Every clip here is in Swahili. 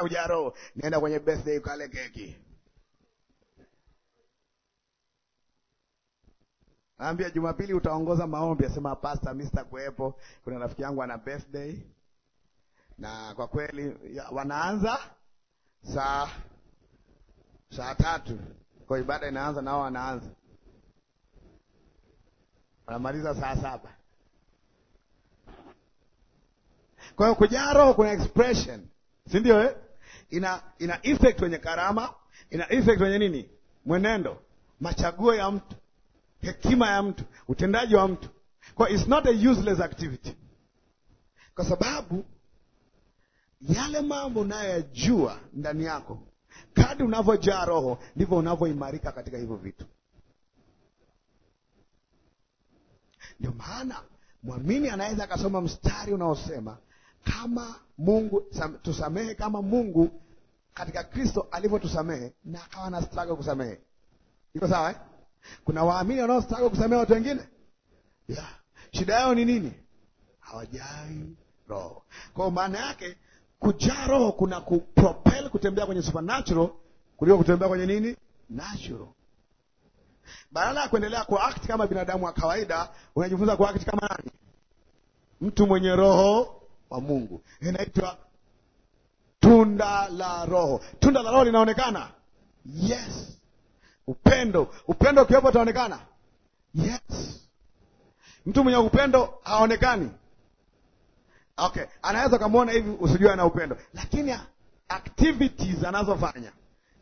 kabla ujaro nenda kwenye birthday kale keki. Naambia Jumapili utaongoza maombi, asema pastor, mimi sitakuwepo, kuna rafiki yangu ana birthday, na kwa kweli ya, wanaanza saa saa tatu, kwa ibada inaanza nao wanaanza wanamaliza saa saba. Kwa hiyo kujaro kuna expression, si ndio eh? ina ina effect kwenye karama, ina effect kwenye nini, mwenendo, machaguo ya mtu, hekima ya mtu, utendaji wa mtu. Kwa it's not a useless activity, kwa sababu yale mambo unayoyajua ndani yako, kadri unavyojaa Roho ndivyo unavyoimarika katika hivyo vitu. Ndio maana mwamini anaweza akasoma mstari unaosema kama Mungu tusamehe kama Mungu katika Kristo alivyotusamehe na akawa na struggle kusamehe. Iko sawa eh? Kuna waamini wanao struggle kusamehe watu wengine yeah. Shida yao ni nini? Hawajai roho. Kwa maana yake kujaa roho kuna kupropel kutembea kwenye supernatural kuliko kutembea kwenye nini natural. Badala ya kuendelea act kama binadamu wa kawaida, unajifunza act kama nani? Mtu mwenye roho wa Mungu, inaitwa tunda la Roho. Tunda la Roho linaonekana yes. Upendo, upendo ukiwepo utaonekana yes. Mtu mwenye upendo haonekani. Okay, anaweza ukamwona hivi usijue ana upendo, lakini activities anazofanya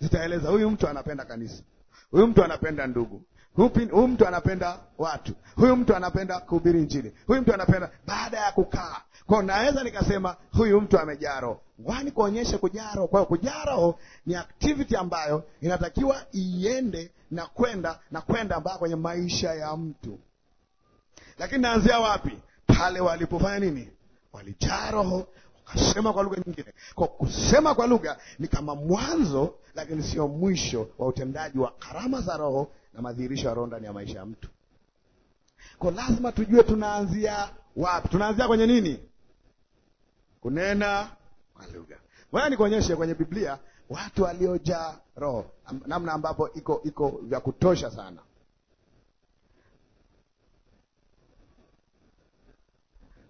zitaeleza huyu mtu anapenda kanisa, huyu mtu anapenda ndugu, Huyu mtu anapenda watu, huyu mtu anapenda kuhubiri Injili, huyu mtu anapenda. Baada ya kukaa kwao, naweza nikasema huyu mtu amejaa Roho. Wani kuonyeshe kujaa Roho. Kwa hiyo kujaa Roho ni activity ambayo inatakiwa iende na kwenda na kwenda mpaka kwenye maisha ya mtu, lakini naanzia wapi? Pale walipofanya nini? Walijaa Roho, wakasema kwa lugha nyingine. Kwa kusema kwa lugha ni kama mwanzo, lakini sio mwisho wa utendaji wa karama za Roho na madhihirisho ya Roho ndani ya maisha ya mtu. Kwa lazima tujue tunaanzia wapi, tunaanzia kwenye nini? Kunena kwa lugha. Ngoja nikuonyeshe kwenye Biblia watu waliojaa Roho, namna ambapo iko iko vya kutosha sana.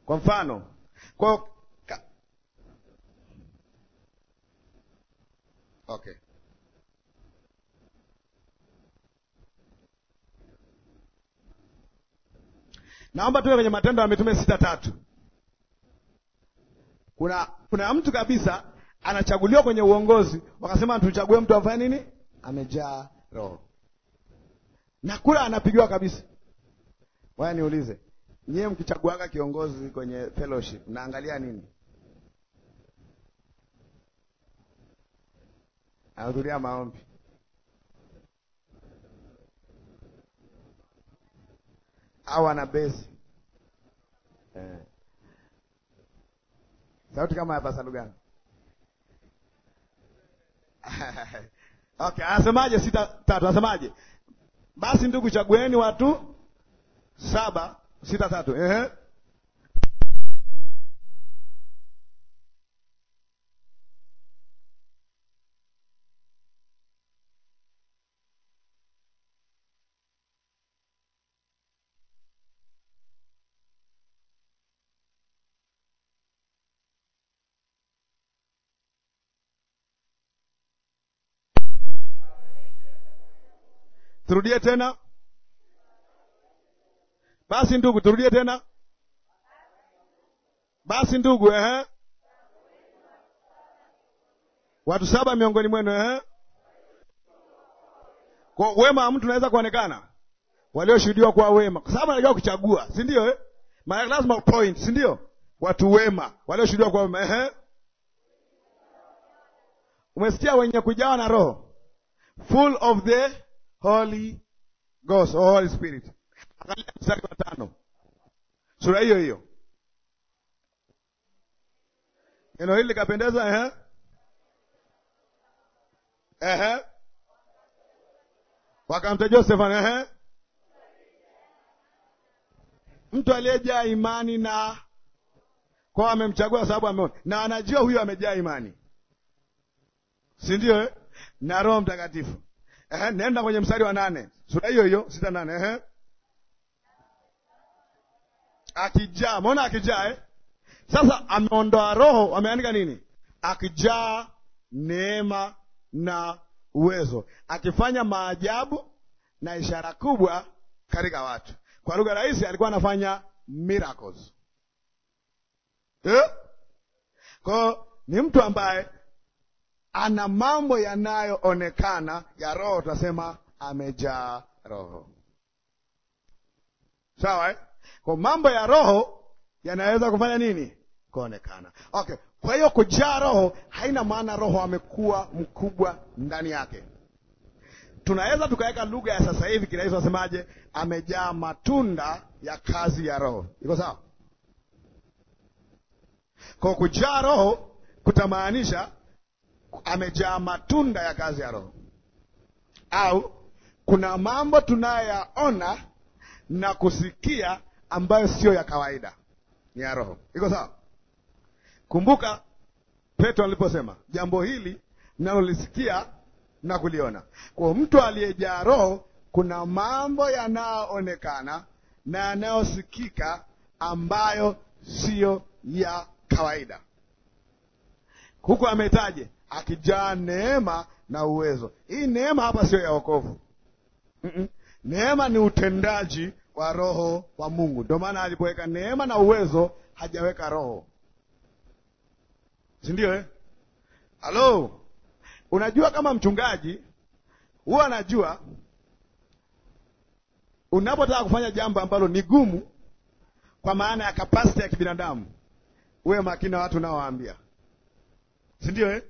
Kwa mfano kwa... okay Naomba tuwe kwenye Matendo ya Mitume sita tatu. Kuna kuna mtu kabisa anachaguliwa kwenye uongozi, wakasema tuchague mtu afanye nini? Amejaa Roho, na kula anapigiwa kabisa. Waya niulize nyie mkichaguaga kiongozi kwenye fellowship mnaangalia nini? Anahudhuria maombi au ana besi eh. Sauti kama ya Pastor gani? okay, anasemaje? sita tatu, anasemaje? Basi ndugu, chagueni watu saba sita tatu, ehe turudie tena basi ndugu, turudie tena basi ndugu, eh? watu saba miongoni mwenu, eh? Kwa wema wa mtu unaweza kuonekana, walioshuhudiwa kwa wema, kwa sababu anajua kuchagua, si ndio? Eh, maana lazima point, si ndio? Watu wema walioshuhudiwa kwa wema, eh? Umesikia, wenye kujawa na Roho, full of the Holy Ghost, or oh, Holy Spirit. Angalia mstari wa tano sura hiyo hiyo, neno hili likapendeza eh? Eh? Wakamta Joseph eh? Mtu aliyejaa imani na kwa amemchagua sababu ameona na anajua huyo amejaa imani, si ndio eh? na Roho Mtakatifu Eh, nenda kwenye mstari wa nane sura hiyo hiyo sita nane eh. Akijaa mbona akijaa eh? Sasa ameondoa roho, ameandika nini? Akijaa neema na uwezo, akifanya maajabu na ishara kubwa katika watu. Kwa lugha rahisi, alikuwa anafanya miracles eh? Kwa ni mtu ambaye ana mambo yanayoonekana ya roho, tunasema amejaa roho. Sawa eh? Kwa mambo ya roho yanaweza kufanya nini? Kuonekana. Okay, kwa hiyo kujaa roho haina maana roho amekuwa mkubwa ndani yake. Tunaweza tukaweka lugha ya sasa hivi kirahisi, asemaje Amejaa matunda ya kazi ya roho. Iko sawa? Kwa kujaa roho kutamaanisha amejaa matunda ya kazi ya Roho, au kuna mambo tunayoyaona na kusikia ambayo siyo ya kawaida, ni ya Roho. Iko sawa? Kumbuka Petro aliposema jambo hili nalolisikia na kuliona. Kwa mtu aliyejaa Roho, kuna mambo yanayoonekana na yanayosikika ambayo siyo ya kawaida. Huku ametaje akijaa neema na uwezo. Hii neema hapa sio ya wokovu. mm -mm. Neema ni utendaji wa Roho wa Mungu. Ndio maana alipoweka neema na uwezo hajaweka roho, si ndio eh? Halo, unajua kama mchungaji huwa anajua unapotaka kufanya jambo ambalo ni gumu kwa maana ya kapasiti ya kibinadamu, uwe makini na watu unaowaambia, si ndio eh?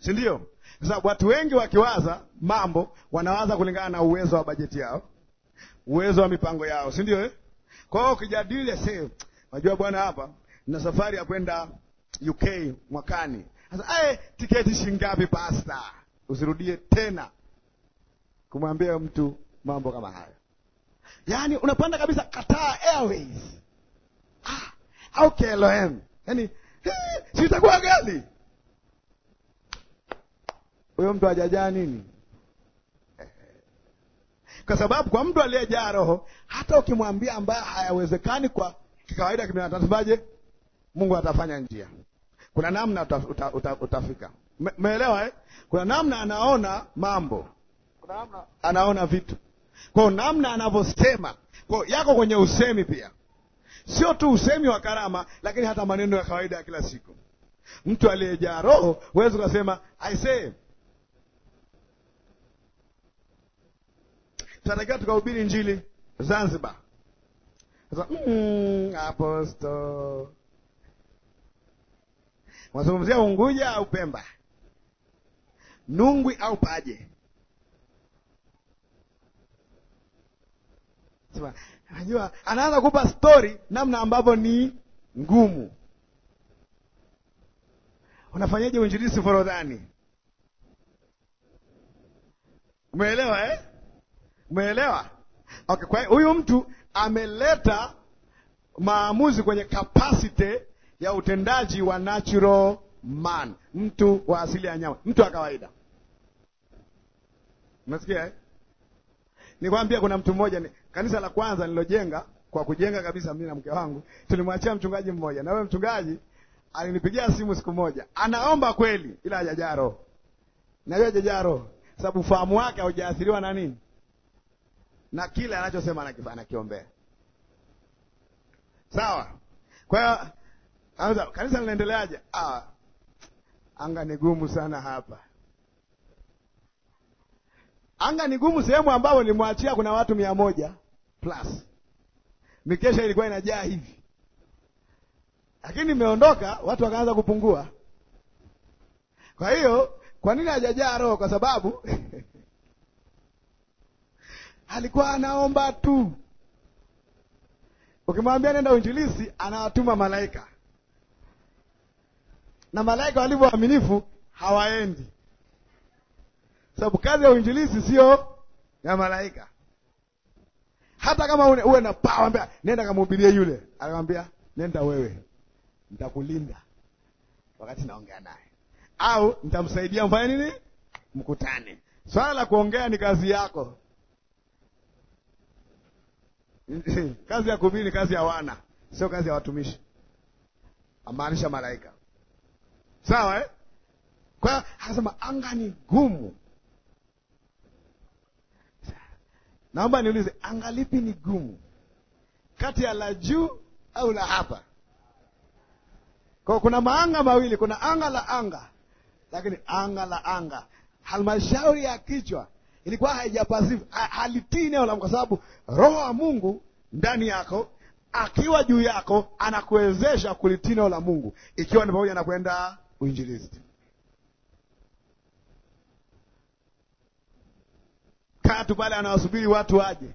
si ndio? Sasa watu wengi wakiwaza mambo wanawaza kulingana na uwezo wa bajeti yao, uwezo wa mipango yao, si ndio eh? Kwa hiyo ukijadili sasa, unajua bwana, hapa na safari ya kwenda UK mwakani. Sasa eh, tiketi shilingi ngapi pasta? Usirudie tena kumwambia mtu mambo kama hayo. Yaani unapanda kabisa Qatar Airways. Ah, au KLM. Yaani eh, sitakuwa gani? huyo mtu hajajaa nini? Kwa sababu kwa mtu aliyejaa Roho, hata ukimwambia ambaye hayawezekani kwa kawaida kimeatabaje, Mungu atafanya njia. Kuna namna uta, uta, uta, utafika. Umeelewa eh? Kuna namna anaona mambo, kuna namna anaona vitu, kwa namna anavyosema, kwa yako kwenye usemi pia, sio tu usemi wa karama, lakini hata maneno ya kawaida ya kila siku. Mtu aliyejaa Roho huwezi ukasema I say tunatakiwa tukahubiri njili Zanzibar. Sasa mm, aposto unazungumzia Unguja au Pemba, Nungwi au Paje? Najua anaanza kupa stori namna ambavyo ni ngumu. Unafanyaje uinjilisi Forodhani? Umeelewa eh? Umeelewa? Okay, kwa huyu mtu ameleta maamuzi kwenye capacity ya utendaji wa natural man, mtu wa asili ya nyama, mtu wa kawaida. Unasikia eh? Nikwambia kuna mtu mmoja ni, kanisa la kwanza nilojenga kwa kujenga kabisa mimi na mke wangu tulimwachia mchungaji mmoja, na wewe mchungaji alinipigia simu siku moja, anaomba kweli, ila hajajaro. Najua hajajaro sababu fahamu wake haujaathiriwa na nini na kile anachosema anakiombea. Sawa. Kwa hiyo kanisa linaendeleaje? Ah, anga ni gumu sana hapa. Anga ni gumu sehemu ambayo nilimwachia kuna watu mia moja plus, mikesha ilikuwa inajaa hivi, lakini nimeondoka, watu wakaanza kupungua. Kwa hiyo kwa nini hajajaa roho? Kwa sababu alikuwa anaomba tu. Ukimwambia nenda uinjilisi, anawatuma malaika, na malaika walivyo waaminifu hawaendi, sababu kazi ya uinjilisi sio ya malaika. Hata kama uwe na pawa, ambia nenda kamhubirie yule, akamwambia nenda wewe, nitakulinda wakati naongea naye, au nitamsaidia mfanye nini, mkutane. Swala la kuongea ni kazi yako. kazi ya kuhubiri ni kazi ya wana, sio kazi ya watumishi, amaanisha malaika. Sawa eh? Kwa hiyo anasema anga ni gumu. Naomba niulize, anga lipi ni gumu kati ya la juu au la hapa? Kwa kuna maanga mawili, kuna anga la anga, lakini anga la anga, halmashauri ya kichwa ilikuwa haijapasifu halitii neno la kwa sababu roho wa Mungu ndani yako akiwa juu yako anakuwezesha kulitii neno la Mungu, ikiwa ni pamoja na kwenda uinjilisti. Kaa pale, anawasubiri watu waje.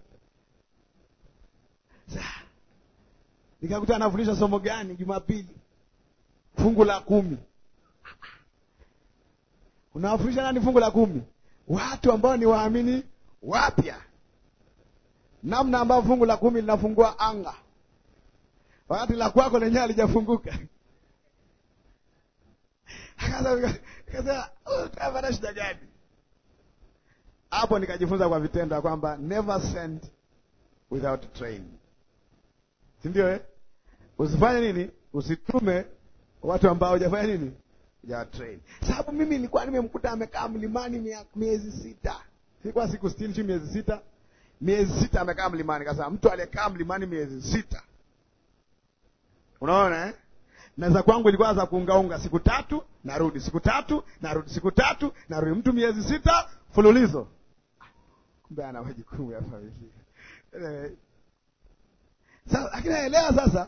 Nikakuta anafundisha somo gani Jumapili, fungu la kumi. Unawafundisha nani fungu la kumi? watu ambao ni waamini wapya, namna ambavyo fungu la kumi linafungua anga, wakati la kwako lenyewe halijafunguka. Akasema utapata oh, shida gani? Hapo nikajifunza kwa vitendo ya kwamba never send without train, si ndio eh? Usifanye nini, usitume watu ambao hujafanya nini, ya train, sababu mimi nilikuwa nimemkuta amekaa mlimani miezi sita, ilikuwa siku stili tu, miezi sita, miezi sita amekaa mlimani. Kasema mtu aliyekaa mlimani miezi sita, unaona eh? na za kwangu ilikuwa za kuungaunga, siku tatu narudi, siku tatu narudi, siku tatu narudi, mtu miezi sita fululizo. Kumbe ana wajibu ya familia. Sasa akinaelewa sasa,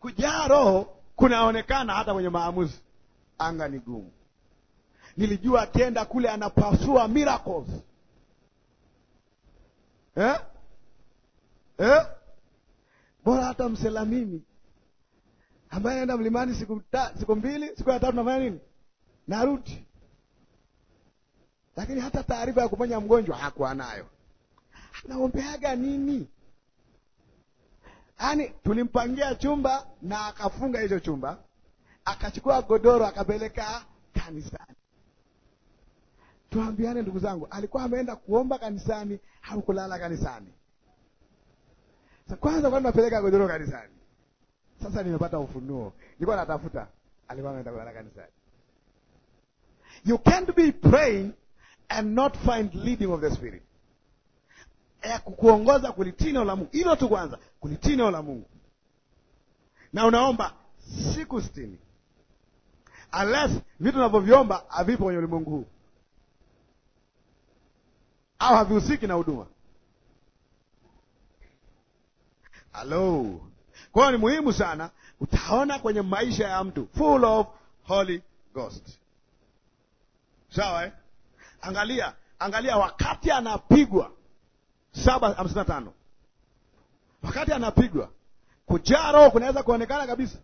kujaa roho kunaonekana hata kwenye maamuzi anga ni gumu. Nilijua akienda kule anapasua miracles eh? Eh? Bora hata mselamini ambaye naenda mlimani siku, ta, siku mbili siku ya tatu nafanya nini, narudi. Lakini hata taarifa ya kufanya mgonjwa hakuwa nayo. Anaombeaga nini? Yaani tulimpangia chumba na akafunga hicho chumba akachukua godoro akapeleka kanisani. Tuambiane ndugu zangu, alikuwa ameenda kuomba kanisani, au kulala kanisani. kwanza, kwani napeleka godoro kanisani? Sasa nimepata ufunuo, nilikuwa natafuta. Alikuwa ameenda kulala kanisani. You can't be praying and not find leading of the spirit ya kukuongoza kulitii neno la Mungu. Hilo tu kwanza, kulitii neno la Mungu, na unaomba siku sitini unless vitu vinavyoviomba havipo kwenye ulimwengu huu au havihusiki na huduma. Halo, kwa hiyo ni muhimu sana, utaona kwenye maisha ya mtu full of Holy Ghost, sawa eh? Angalia, angalia wakati anapigwa saba hamsini na tano wakati anapigwa kujaa roho kunaweza kuonekana kabisa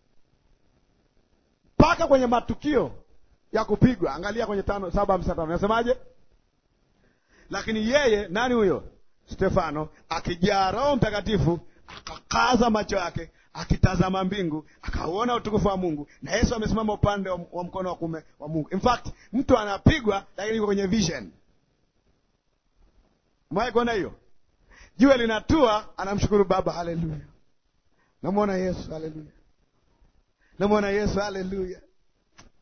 mpaka kwenye matukio ya kupigwa. Angalia kwenye tano saba hamsini tano nasemaje? Lakini yeye nani huyo Stefano akijaa Roho Mtakatifu akakaza macho yake akitazama mbingu akauona utukufu wa Mungu na Yesu amesimama upande wa mkono wa kume wa Mungu. In fact mtu anapigwa lakini yuko kwenye vision. Mwae kuona hiyo jua linatua, anamshukuru Baba, haleluya. Namwona Yesu, haleluya na Bwana Yesu. Haleluya!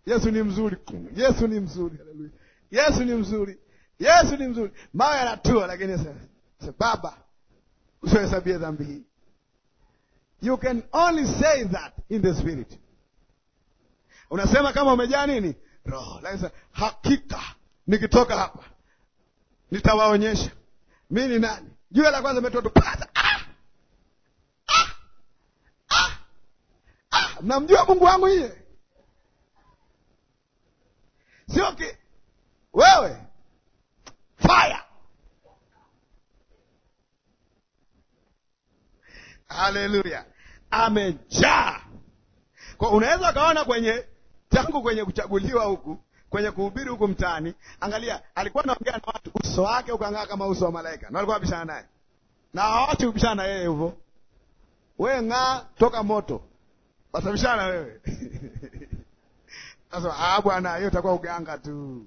Yesu ni mzuri, Yesu ni mzuri, haleluya! Yesu ni mzuri, Yesu ni mzuri. Mawe yanatua, lakini Baba, usiohesabia dhambi hii. You can only say that in the spirit. Unasema kama umejaa nini roho, lakini hakika nikitoka hapa nitawaonyesha mi ni nani. Jua la kwanza umetoa mnamjua Mungu wangu nyie? Sio wewe fire. Haleluya, amejaa kwa. Unaweza ukaona kwenye tangu kwenye kuchaguliwa huku kwenye kuhubiri huku mtaani, angalia, alikuwa anaongea na watu, uso wake ukang'aa kama uso wa malaika, na walikuwa wabishana naye na hawachi kubishana na yeye hivyo, we ng'aa toka moto wasabishana wewe sasa ah, bwana hiyo itakuwa uganga tu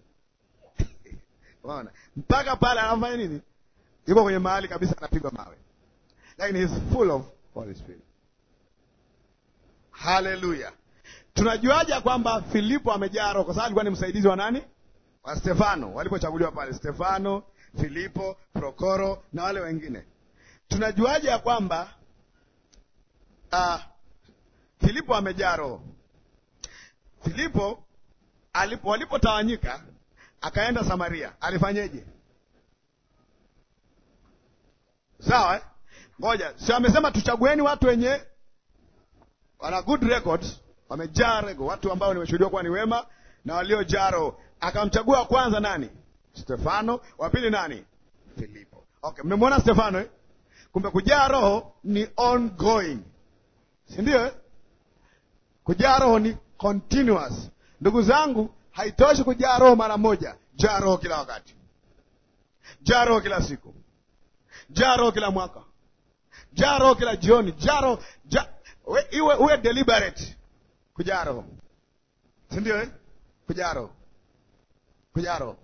unaona mpaka pale anafanya nini yuko kwenye mahali kabisa anapigwa mawe lakini he is full of Holy Spirit haleluya tunajuaje kwamba Filipo amejaa roho kwa sababu alikuwa ni msaidizi wa nani wa Stefano walipochaguliwa pale Stefano Filipo Prokoro na wale wengine tunajuaje ya kwamba uh, Filipo amejaa Roho. Filipo alipo walipotawanyika akaenda Samaria, alifanyeje? Sawa eh? Sio si amesema tuchagueni watu wenye wana good records, wamejaa rego, watu ambao nimeshuhudiwa kuwa ni wema na waliojaa Roho. Akamchagua kwanza nani? Stefano. Wa pili nani? Filipo. Okay, mmemwona Stefano eh? Kumbe kujaa Roho ni ongoing, si ndio eh? Kujaa roho ni continuous, ndugu zangu, haitoshi kujaa roho mara moja. Jaa roho kila wakati, jaa roho kila siku, jaa roho kila mwaka, jaa roho kila jioni, jaa roho ja... iwe uwe deliberate kujaa roho, si ndio eh? Kujaa roho, kujaa roho.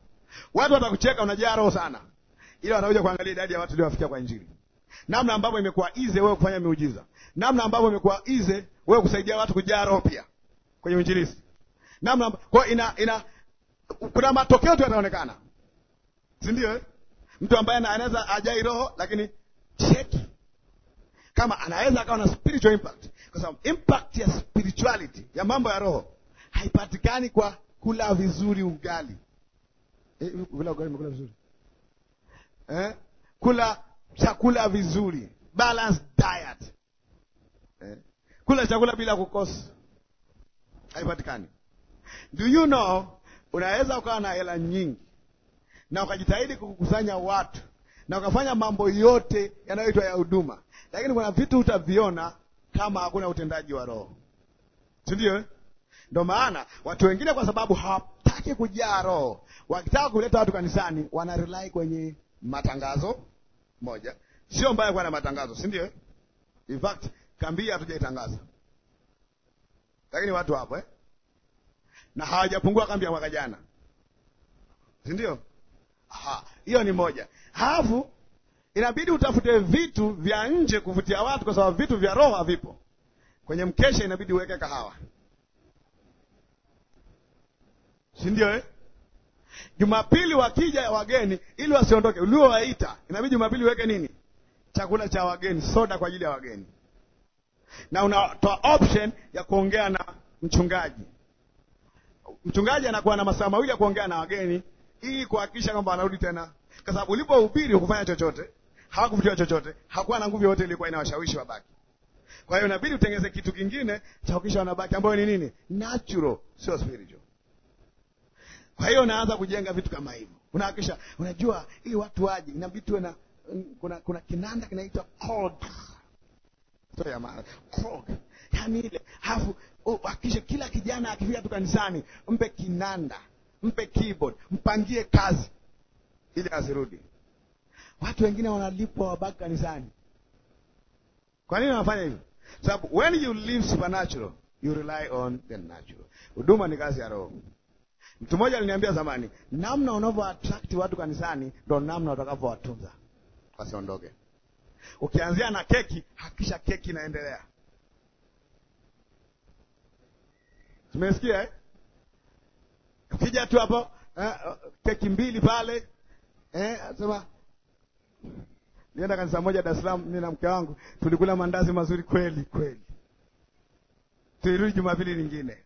Watu watakucheka unajaa roho sana, ila wanakuja kuangalia idadi ya watu uliowafikia kwa Injili namna ambavyo imekuwa ize wewe kufanya miujiza, namna ambavyo imekuwa ize wewe kusaidia watu kujaa roho pia kwenye uinjilisti, namna kwa ina, ina kuna matokeo tu yanaonekana, si ndio eh? Mtu ambaye anaweza ajai roho lakini cheki kama anaweza akawa na spiritual impact, kwa sababu impact ya spirituality ya mambo ya roho haipatikani kwa kula vizuri ugali. Eh, kula ugali, kula vizuri eh? kula chakula vizuri, balanced diet eh? Kula chakula bila kukosa, haipatikani. Do you know, unaweza ukawa na hela nyingi na ukajitahidi kukusanya watu na ukafanya mambo yote yanayoitwa ya huduma, lakini kuna vitu utaviona kama hakuna utendaji wa Roho, si ndio? Eh? Ndio maana watu wengine kwa sababu hawataki kujaa Roho, wakitaka kuleta watu kanisani wanarelai kwenye matangazo moja. Sio mbaya kuwa na matangazo, si ndio? In fact kambi hatujaitangaza, lakini watu hapo eh? na hawajapungua kambi ya mwaka jana, si ndio? Hiyo ni moja. Halafu inabidi utafute vitu vya nje kuvutia watu, kwa sababu vitu vya roho havipo. Kwenye mkesha inabidi uweke kahawa, si ndio eh? Jumapili wakija wageni, ili wasiondoke, uliowaita inabidi Jumapili uweke nini, chakula cha wageni, soda kwa ajili ya wageni, na unatoa option ya kuongea na mchungaji. Mchungaji anakuwa na masaa mawili ya kuongea na wageni ili kuhakikisha kwamba wanarudi tena, kwa sababu ulipohubiri hukufanya chochote, hawakuvutia chochote, hakuwa na nguvu yoyote ilikuwa inawashawishi wabaki. Kwa hiyo inabidi utengeze kitu kingine cha kuhakikisha wanabaki, ambayo ni nini? Natural, sio spiritual. Kwa hiyo unaanza kujenga vitu kama hivyo, unahakikisha unajua, ili watu waje inabidi tuwe na kuna, kuna kinanda kinaitwa code so ya mara code, yani ile hafu hakikisha kila kijana akifika tu kanisani mpe kinanda, mpe keyboard, mpangie kazi ili asirudi. Watu wengine wanalipwa wabaki kanisani. Kwa nini wanafanya hivyo? Sababu when you live supernatural you rely on the natural. Huduma ni kazi ya Roho. Mtu mmoja aliniambia zamani, namna unavyo attract watu kanisani ndo namna utakavyowatunza wasiondoke. Ukianzia na keki, hakisha keki inaendelea. Tumesikia eh? Kija tu hapo eh, keki mbili pale eh, sema nienda kanisa moja Dar es Salaam, mimi na mke wangu tulikula mandazi mazuri kweli kweli, tulirudi Jumapili nyingine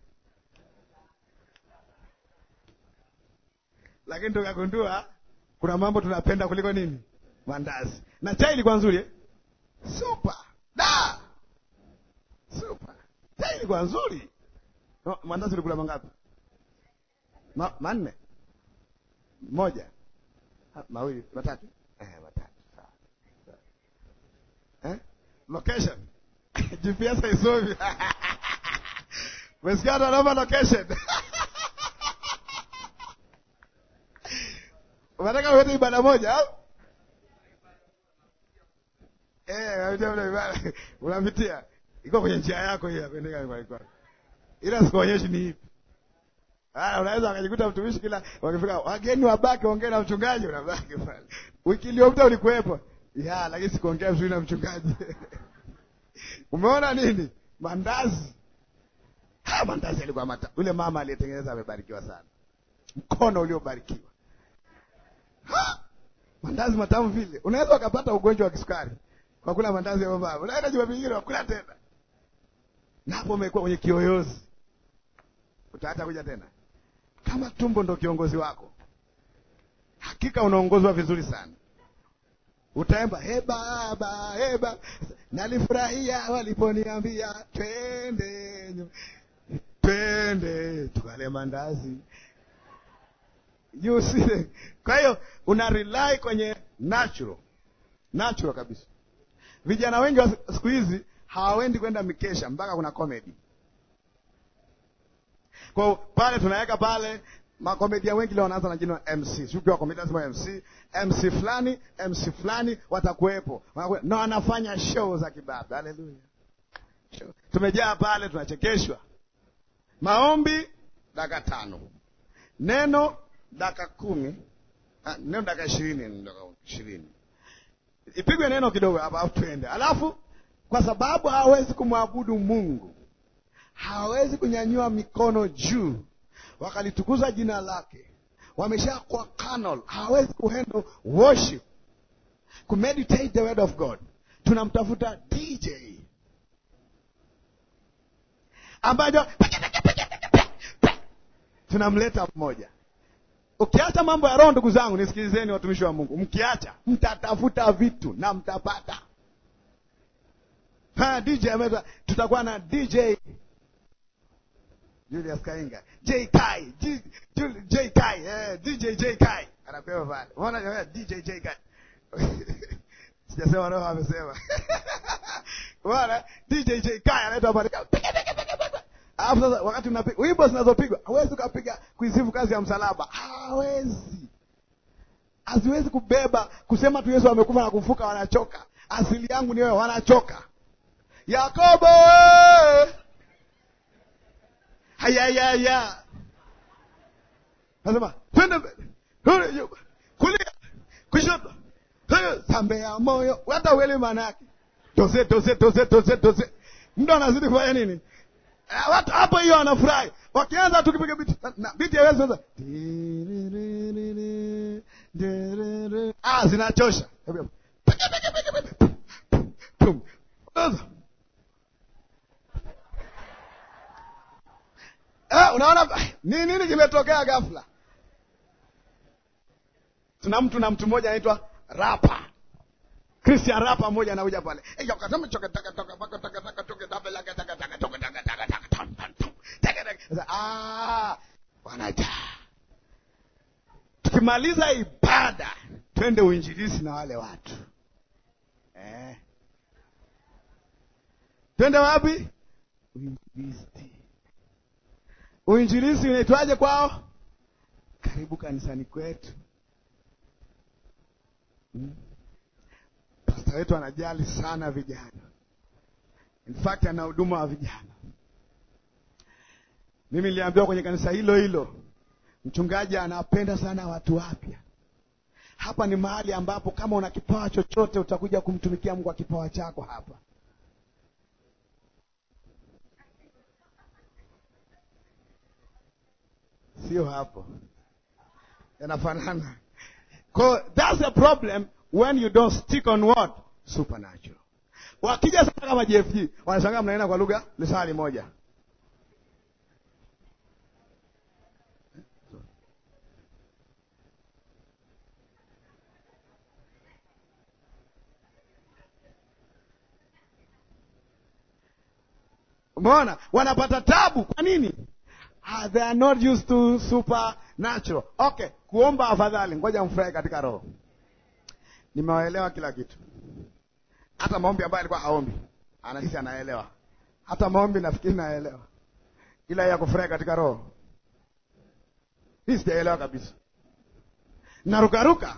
lakini tukagundua kuna mambo tunapenda kuliko nini? Mandazi na chai. Ilikuwa nzuri eh? Super da super, chai ilikuwa nzuri no. Mandazi ulikula mangapi? Ma, manne moja mawili matatu eh, matatu sawa eh? Location GPS isovi umesikia, tunaomba location Unataka uende ibada moja au? Eh, unapitia. Iko kwenye njia yako hiyo kuendeka kwa iko. Ila sikuonyeshi ni hivi Ah, unaweza akajikuta mtumishi kila wakifika wageni wabaki ongea na mchungaji unabaki pale. Wiki iliyopita ulikuwepo. Ya, lakini sikuongea vizuri na mchungaji. Umeona nini? Mandazi. Ha, ah, mandazi yalikuwa mata. Yule mama aliyetengeneza amebarikiwa sana. Mkono uliobarikiwa mandazi matamu vile. Unaweza ukapata ugonjwa wa kisukari kwa kula mandazi ya baba. Unaenda juma vingine wakula tena. Na hapo umekuwa kwenye kiyoyozi. Utaacha kuja tena. Kama tumbo ndo kiongozi wako. Hakika unaongozwa vizuri sana. Utaemba he baba, he baba. Nalifurahia waliponiambia twende. Twende tukale mandazi you see. Kwa hiyo una rely kwenye natural natural kabisa. Vijana wengi wa siku hizi hawaendi kwenda mikesha, mpaka kuna comedy. Kwa pale tunaweka pale makomedia wengi leo wanaanza na jina MC. Sio kwa comedy lazima MC, MC fulani, MC fulani watakuwepo. Na wanafanya show za kibaba. Haleluya. Tumejaa pale tunachekeshwa. Maombi dakika tano. Neno dakika kumi ah, neno dakika ishirini ishirini ipigwe neno kidogo hapa tuende. Alafu kwa sababu hawezi kumwabudu Mungu, hawezi kunyanyua mikono juu wakalitukuza jina lake, wamesha kwa canal, hawezi kuhendo worship, kumeditate the word of God. Tunamtafuta DJ ambayo tunamleta mmoja Ukiacha mambo ya roho, ndugu zangu, nisikilizeni watumishi wa Mungu, mkiacha mtatafuta vitu na mtapata. Ha, DJ ameza, tutakuwa na DJ Julius Kainga, J Kai, J, J Kai, eh, DJ J Kai anapewa pale. Unaona jamaa eh, DJ J Kai sijasema roho amesema bwana DJ J Kai anaitwa pale Alafu sasa wakati unapiga wimbo zinazopigwa, hawezi kupiga kuisifu kazi ya msalaba. Hawezi. Haziwezi kubeba kusema tu Yesu amekufa na kufuka, wanachoka. Asili yangu ni wewe, wanachoka. Yakobo Haya hayayaya, nasema twende mbele, kulia, kushoto, sambe ya moyo, hata uele maana yake. Doze doze doze doze doze, mtu anazidi kufanya nini? watu hapo hiyo wanafurahi, wakianza tu kipiga biti na biti ya Yesu ah, zinachosha Eh, unaona ni nini kimetokea ghafla? Tuna mtu na mtu mmoja anaitwa Rapa. Christian Rapa mmoja anakuja pale. Eh, yakasema choka taka taka taka taka taka taka taka Ah, wanajaa. Tukimaliza ibada, twende uinjilisi na wale watu eh. Twende wapi? Uinjilisi. Uinjilisi unaitwaje kwao? Karibu kanisani kwetu. Hmm. Pasta wetu anajali sana vijana, in fact ana huduma wa vijana mimi niliambiwa kwenye kanisa hilo hilo, mchungaji anapenda sana watu wapya. Hapa ni mahali ambapo kama una kipawa chochote utakuja kumtumikia Mungu kwa kipawa chako hapa. Sio hapo, yanafanana. That's a problem when you don't stick on what supernatural. Wakija sasa kama JFG wanashangaa mnaenda kwa lugha lisali moja Umeona wanapata tabu. Kwa nini? Ah, they are not used to supernatural. Okay, kuomba afadhali, ngoja mfurahi katika roho. Nimewaelewa kila kitu, hata maombi ambayo alikuwa aombi anahisi anaelewa, hata maombi nafikiri naelewa, ila ya kufurahi katika roho hii sijaelewa kabisa. Narukaruka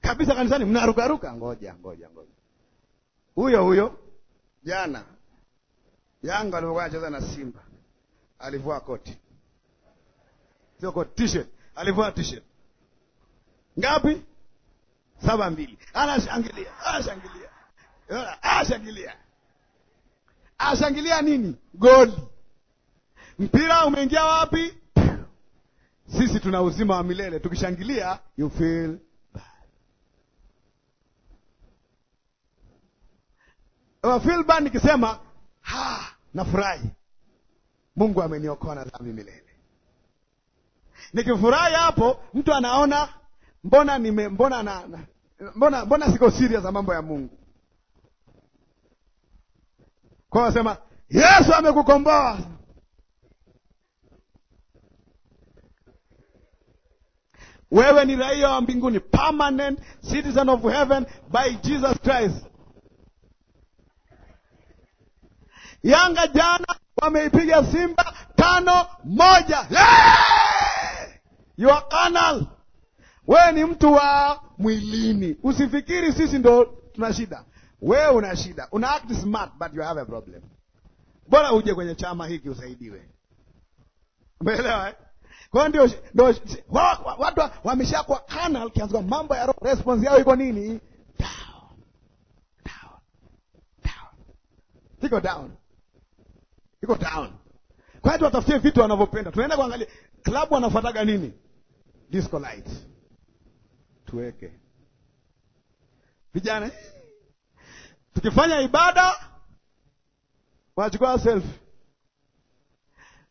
kabisa kanisani, mnarukaruka. Ngoja ngoja ngoja, huyo huyo jana Yanga alivyokuwa anacheza na Simba alivua koti, sio koti, t-shirt alivua t-shirt ngapi? saba mbili. Anashangilia, anashangilia, anashangilia, anashangilia nini? Goli. Mpira umeingia wapi? Sisi tuna uzima wa milele, tukishangilia you feel bad. Feel bad nikisema nafurahi, Mungu ameniokoa na dhambi milele. Nikifurahi hapo, mtu anaona mbona nime, mbona na, na, mbona, mbona siko serious za mambo ya Mungu. Kwa wasema Yesu amekukomboa wewe ni raia wa mbinguni, permanent citizen of heaven by Jesus Christ. Yanga jana wameipiga Simba tano moja. Hey! You Wewe ni mtu wa mwilini, usifikiri sisi ndo tuna shida. Wewe una shida, una act smart but you have a problem. Bora uje kwenye chama hiki usaidiwe, umeelewa eh? Kwa hiyo ndio ndio watu wameshakuwa carnal kiasi kwamba mambo ya roho response yao iko nini? Down, down, down, iko down iko down. Kwa hiyo watafutie vitu wanavyopenda. Tunaenda kuangalia klabu wanafuataga nini? Disco light. Tuweke. Vijana tukifanya ibada wanachukua selfie.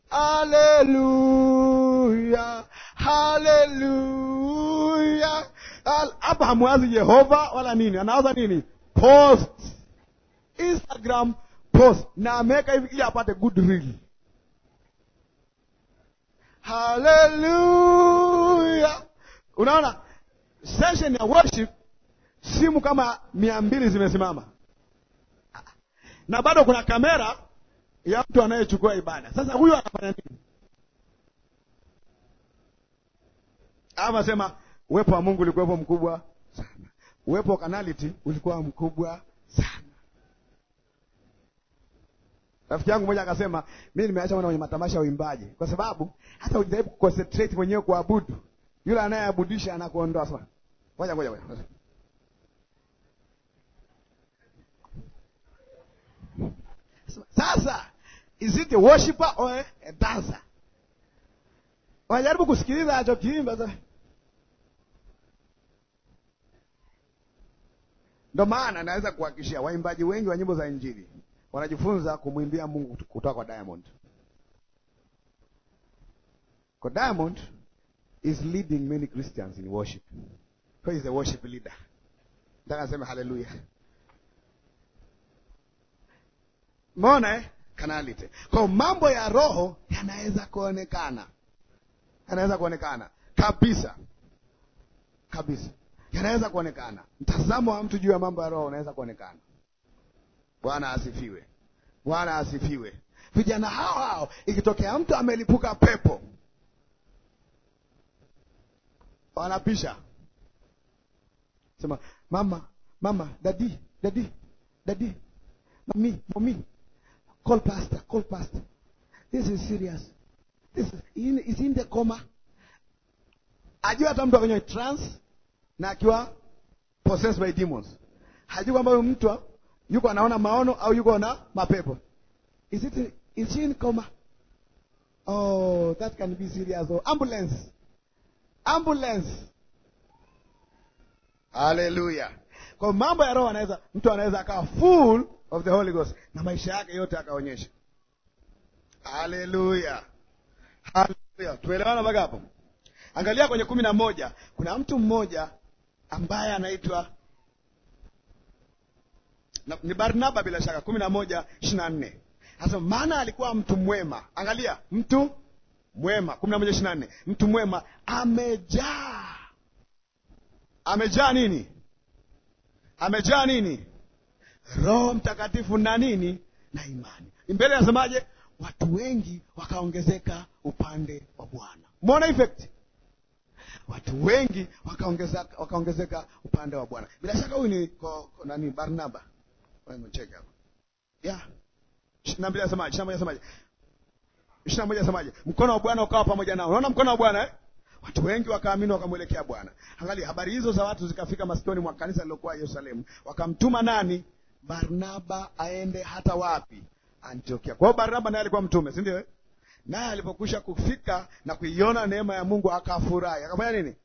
Haleluya, haleluya. Hapa hamwazi Yehova wala nini, anawaza nini? Post Instagram course, na ameweka hivi ili apate good reel. Haleluya! Unaona, session ya worship, simu kama mia mbili zimesimama na bado kuna kamera ya mtu anayechukua ibada. Sasa huyu anafanya nini? Ama sema uwepo wa Mungu ulikuwepo mkubwa sana, uwepo wa kanality ulikuwa mkubwa sana. Rafiki yangu mmoja akasema, mimi nimeacha mwana kwenye matamasha ya uimbaji kwa sababu hata ujaribu kuconcentrate mwenyewe kuabudu, yule anayeabudisha anakuondoa sana. Ngoja ngoja ngoja. Sasa is it a worshiper or a dancer? Wajaribu kusikiliza kiimba sasa. Ndio maana naweza kuhakikishia waimbaji wengi wa nyimbo za Injili wanajifunza kumwimbia Mungu kutoka kwa Diamond. Kwa Diamond is leading many Christians in worship. Who is the worship leader? Nataka niseme haleluya. Mbona eh? Kanalite. Kwa mambo ya roho yanaweza kuonekana. Yanaweza kuonekana kabisa. Kabisa. Yanaweza kuonekana. Mtazamo wa mtu juu ya mambo ya roho unaweza kuonekana. Bwana asifiwe, Bwana asifiwe. Vijana hao hao, ikitokea mtu amelipuka pepo, wanapisha sema, mama mama, dadi dadi dadi, mami mami, call pastor call pastor, this is serious, this is in, is in the coma. Ajua hata mtu akwenye trans na akiwa possessed by demons, hajua kwamba huyu mtu yuko anaona maono au yuko na mapepo is it is she in coma oh that can be serious oh ambulance ambulance haleluya kwa mambo ya roho anaweza mtu anaweza akawa full of the holy ghost na maisha yake yote akaonyesha haleluya haleluya tuelewana mpaka hapo angalia kwenye kumi na moja kuna mtu mmoja ambaye anaitwa na, ni Barnaba bila shaka kumi na moja ishirini na nne hasa maana alikuwa mtu mwema. Angalia, mtu mwema kumi na moja ishirini na nne mtu mwema amejaa amejaa nini? Amejaa nini? Roho Mtakatifu na nini? Na imani. Mbele anasemaje? Watu wengi wakaongezeka upande wa Bwana. Umeona effect? Watu wengi wakaongezeka wakaongezeka upande wa Bwana. Bila shaka huyu ni nani? Barnaba. Wamecheka. Mkono wa Bwana ukawa pamoja nao. Unaona mkono wa Bwana eh? Watu wengi wakaamini wakamwelekea Bwana. Angalia habari hizo za watu zikafika masikioni mwa kanisa lilokuwa Yerusalemu. Wakamtuma nani? Barnaba aende hata wapi? Antiokia. Kwa hiyo Barnaba naye alikuwa mtume, si ndio? Eh? Naye alipokwisha kufika na kuiona neema ya Mungu akafurahi. Akafanya nini?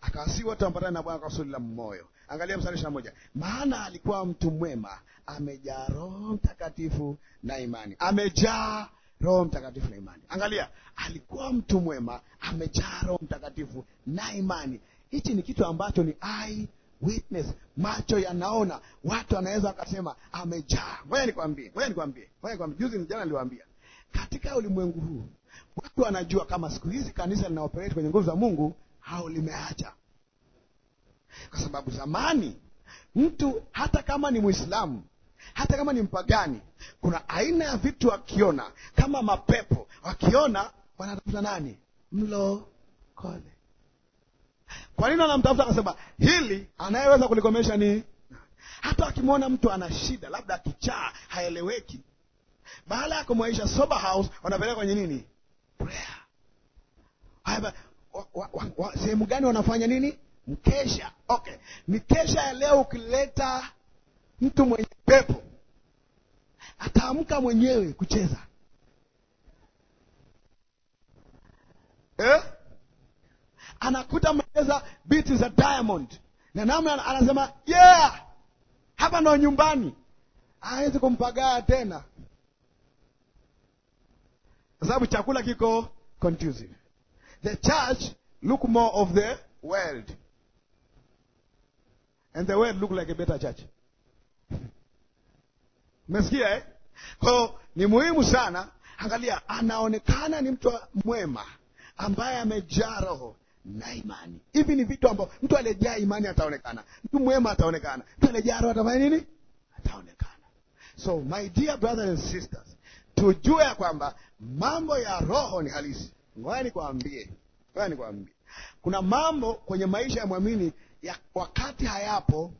Akawasii watu waambatane na Bwana kwa suli la moyo. Angalia mstari ishirini na moja. Maana alikuwa mtu mwema, amejaa Roho Mtakatifu na imani, amejaa Roho Mtakatifu na imani. Angalia, alikuwa mtu mwema, amejaa Roho Mtakatifu na imani. Hichi ni kitu ambacho ni eye witness, macho yanaona. Watu wanaweza wakasema amejaa. Ngoja nikwambie, ngoja nikwambie, ngoja nikwambie. Juzi jana niliwaambia, katika ulimwengu huu watu wanajua kama siku hizi kanisa lina operate kwenye nguvu za Mungu au limeacha, kwa sababu zamani mtu hata kama ni Muislamu hata kama ni mpagani kuna aina ya vitu wakiona kama mapepo wakiona wanatafuta nani mlokole kwa nini anamtafuta akasema hili anayeweza kulikomesha ni hata akimwona mtu ana shida labda akichaa haeleweki baada ya kumwaisha sober house wanapeleka kwenye nini prayer haya sehemu gani wanafanya nini mkesha okay mikesha ya leo ukileta mtu mwenye pepo ataamka mwenyewe kucheza eh? anakuta mecheza biti za diamond na namna anasema yeah hapa ndo nyumbani awezi kumpagaa tena kwa sababu chakula kiko confusing the church look more of the world and the world look like a better church Umesikia eh? Kwa hiyo ni muhimu sana. Angalia, anaonekana ni mtu mwema ambaye amejaa roho na imani. Hivi ni vitu ambavyo mtu aliyejaa imani ataonekana, mtu mwema ataonekana, mtu aliyejaa roho atafanya nini? Ataonekana. So my dear brothers and sisters, tujue ya kwamba mambo ya roho ni halisi. Ngoja nikwambie, ngoja nikwambie, kuna mambo kwenye maisha ya mwamini ya wakati hayapo,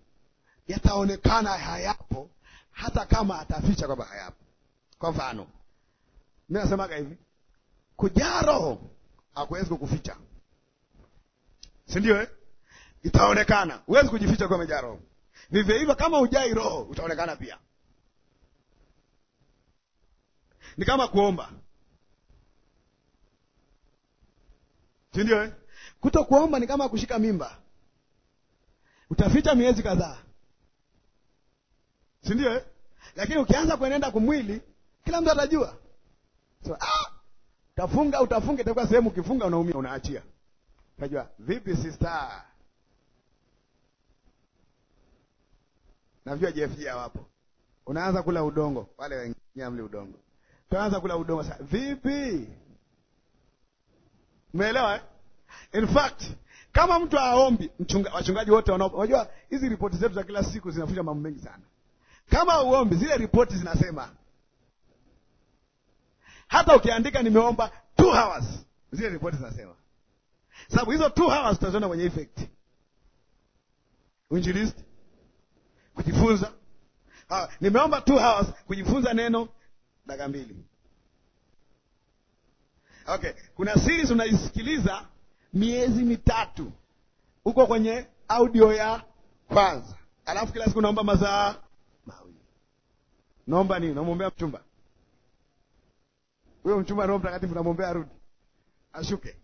yataonekana hayapo hata kama ataficha kwamba hayapo. Kwa mfano mimi nasemaga hivi, kujaa roho hakuwezi kukuficha, si ndio eh? Itaonekana, huwezi kujificha kwa umejaa roho. Vivyo hivyo kama ujai roho utaonekana pia. Ni kama kuomba, si ndio eh? Kuto kuomba ni kama kushika mimba, utaficha miezi kadhaa si ndio eh? Lakini ukianza kuenenda kumwili, kila mtu atajua. So, ah, tafunga utafunga, itakuwa sehemu ukifunga unaumia, unaachia, unajua vipi sister. Najua JFG wapo, unaanza kula udongo, wale wengine amli udongo, tunaanza kula udongo sasa, vipi? Umeelewa eh? In fact kama mtu aombi mchunga, wachungaji wote wanajua hizi ripoti zetu za kila siku zinafuta mambo mengi sana. Kama uombi, zile ripoti zinasema, hata ukiandika nimeomba two hours, zile ripoti zinasema, sababu hizo two hours tutaziona kwenye effect. Uinjilisti, kujifunza ha, nimeomba two hours kujifunza neno dakika mbili. Okay, kuna series unaisikiliza miezi mitatu, uko kwenye audio ya kwanza, alafu kila siku naomba masaa naomba nini? Namwombea mchumba huyo, mchumba Roho Mtakatifu namwombea arudi, ashuke.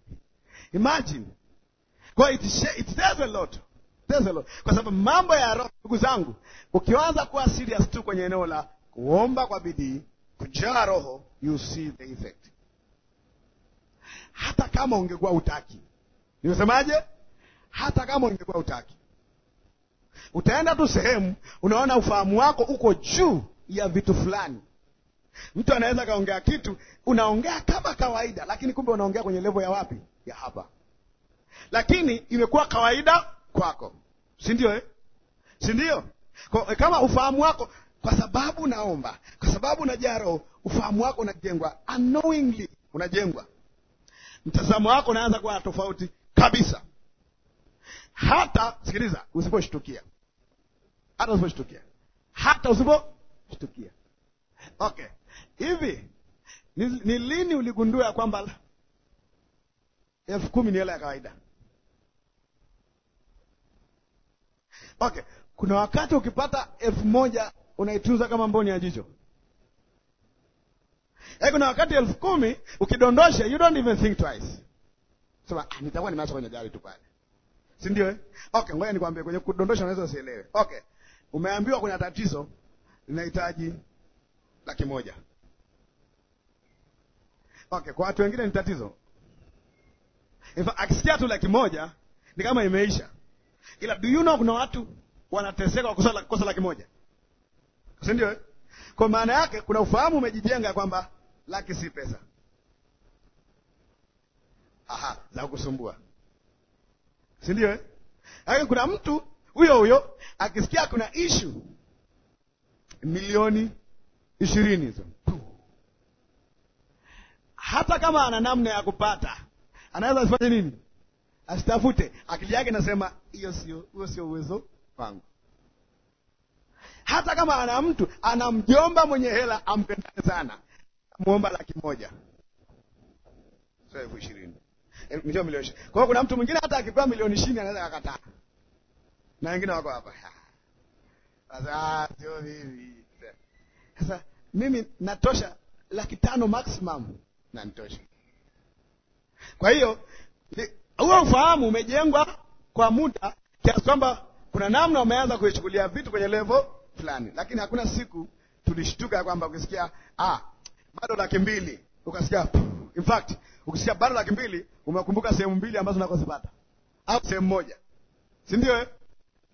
Imagine kwa it it says a lot, says a lot, kwa sababu mambo ya roho, ndugu zangu, ukianza kuwa serious tu kwenye eneo la kuomba kwa bidii, kujaa Roho, you see the effect, hata kama ungekuwa utaki. Nimesemaje? Hata kama ungekuwa utaki, utaenda tu sehemu, unaona ufahamu wako uko juu ya vitu fulani. Mtu anaweza akaongea kitu, unaongea kama kawaida, lakini kumbe unaongea kwenye levo ya wapi? Ya hapa. Lakini imekuwa kawaida kwako, si ndio eh? si ndio? Kama ufahamu wako, kwa sababu naomba, kwa sababu najaro ufahamu wako unajengwa unknowingly, unajengwa mtazamo wako unaanza kuwa tofauti kabisa. Hata sikiliza, usiposhtukia, hata usiposhtukia, hata usipo Shtukia. Okay, hivi ni, ni lini uligundua ya kwamba elfu kumi ni hela ya kawaida? Okay, kuna wakati ukipata elfu moja unaitunza kama mboni ya jicho. Yaani kuna wakati elfu kumi ukidondosha, you don't even think twice. Sema ah, nitakuwa nimeacha kwenye gari tu pale, si ndio eh? Okay, ngoja nikwambie, kwenye kudondosha unaweza usielewe. Okay, umeambiwa kuna tatizo linahitaji laki moja. Okay, kwa watu wengine ni tatizo. Akisikia tu laki moja ni kama imeisha, ila do you know kuna watu wanateseka kwa kosa laki moja, si ndio? Eh? Kwa maana yake kuna ufahamu umejijenga kwamba laki si pesa. Aha, za kusumbua, si ndio? Eh? Lakini kuna mtu huyo huyo akisikia kuna issue milioni ishirini hizo hata kama ana namna ya kupata, anaweza asifanye nini? Asitafute. Akili yake inasema hiyo sio, huo sio uwezo wangu. Hata kama ana mtu, ana mjomba mwenye hela ampendane sana, muomba laki moja, sio elfu ishirini, milioni ishirini. Kwa hiyo kuna mtu mwingine hata akipewa milioni ishirini anaweza akakataa, na wengine wako hapa Ah, sio mimi. Sasa mimi natosha laki tano maximum na nitosha. Kwa hiyo huo ufahamu umejengwa kwa muda kiasi kwamba kuna namna umeanza kuichukulia vitu kwenye level fulani, lakini hakuna siku tulishtuka kwamba ukisikia ah, bado laki mbili ukasikia in fact, ukisikia bado laki mbili umekumbuka sehemu mbili ambazo nakozipata au sehemu moja, si ndio eh?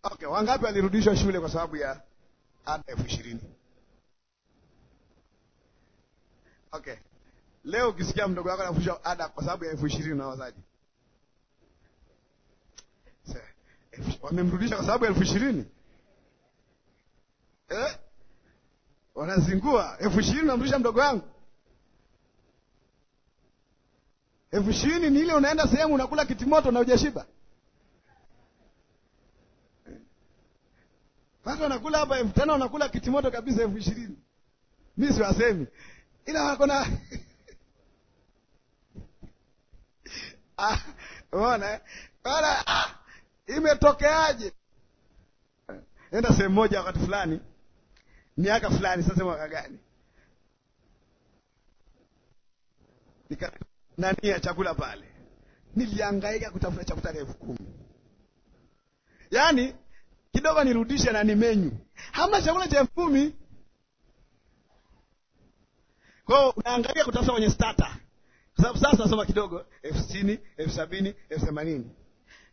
Okay, wangapi walirudishwa shule kwa sababu ya ada elfu ishirini? Okay, leo ukisikia mdogo wako anafusha ada kwa sababu ya elfu ishirini unawazaje? Wamemrudisha kwa sababu ya elfu ishirini eh? Wanazingua elfu ishirini namrudisha mdogo wangu elfu ishirini ni ile unaenda sehemu unakula kitimoto na ujashiba Watu wanakula hapa elfu tano wanakula kitimoto kabisa elfu ishirini mi siwasemi, ila wako na ah, eh? ah, imetokeaje? Enda sehemu moja wakati fulani, miaka fulani, sasa mwaka gani, nika nani ya chakula pale, niliangaika kutafuta chakula elfu kumi yaani kidogo nirudishe nani menyu. Hamna chakula cha elfu kumi kwao, unaangalia kutafuta kwenye starter. kwa sababu sasa nasoma kidogo, elfu sitini elfu sabini elfu themanini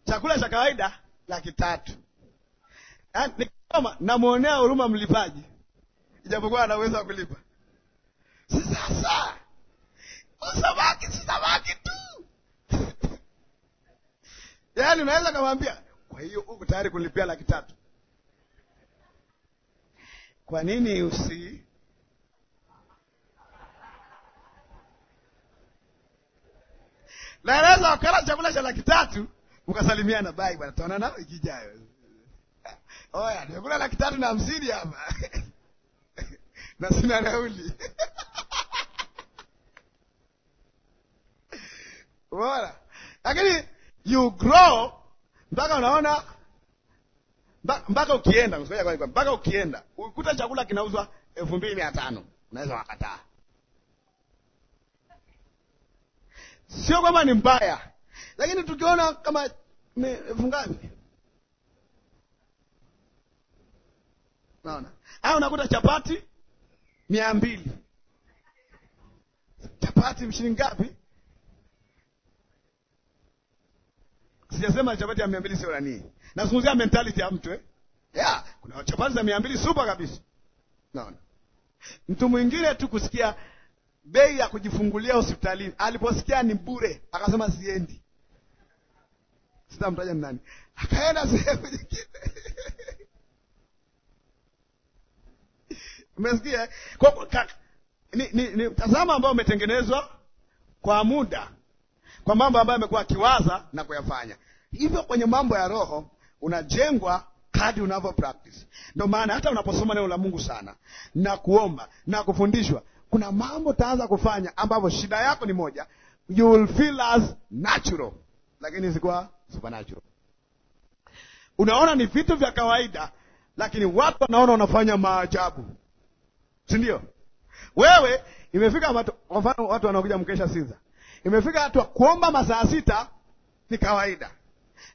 chakula cha kawaida laki tatu. Ah, nikisoma namwonea huruma mlipaji, ijapokuwa anaweza wa kulipa. Sasa usamaki, si samaki tu yaani unaweza kumwambia hiyo uko tayari kulipia laki tatu. Kwa nini usi naweza ukala chakula cha laki tatu ukasalimiana, bai bwana, tutaonana wiki ijayo. Oya, nimekula laki tatu na hamsini hapa na sina nauli bora, lakini you grow mpaka unaona mpaka ukienda mpaka ukienda ukuta chakula kinauzwa elfu mbili mia tano unaweza wakataa. Sio kwamba ni mbaya, lakini tukiona kama elfu ngapi, naona haya, unakuta chapati mia mbili chapati mshilingi ngapi? Sijasema chapati ya mia mbili sio nani, nazungumzia mentality ya mtu eh? Yeah, kuna chapati za mia mbili super kabisa. Naona mtu mwingine tu kusikia bei ya kujifungulia hospitalini, aliposikia ni bure, akasema siendi. Sitamtaja ni nani, akaenda sehemu nyingine Umesikia? Eh? Ni, ni, ni mtazamo ambao umetengenezwa kwa muda kwa mambo ambayo amekuwa akiwaza na kuyafanya. Hivyo kwenye mambo ya roho unajengwa kadri unavyo practice. Ndio maana hata unaposoma neno la Mungu sana na kuomba na kufundishwa, kuna mambo utaanza kufanya ambapo shida yako ni moja, you will feel as natural, lakini sikuwa supernatural. Unaona ni vitu vya kawaida, lakini watu wanaona unafanya maajabu, si ndio? Wewe imefika watu, watu wanaokuja mkesha Sinza imefika hatua kuomba masaa sita ni kawaida,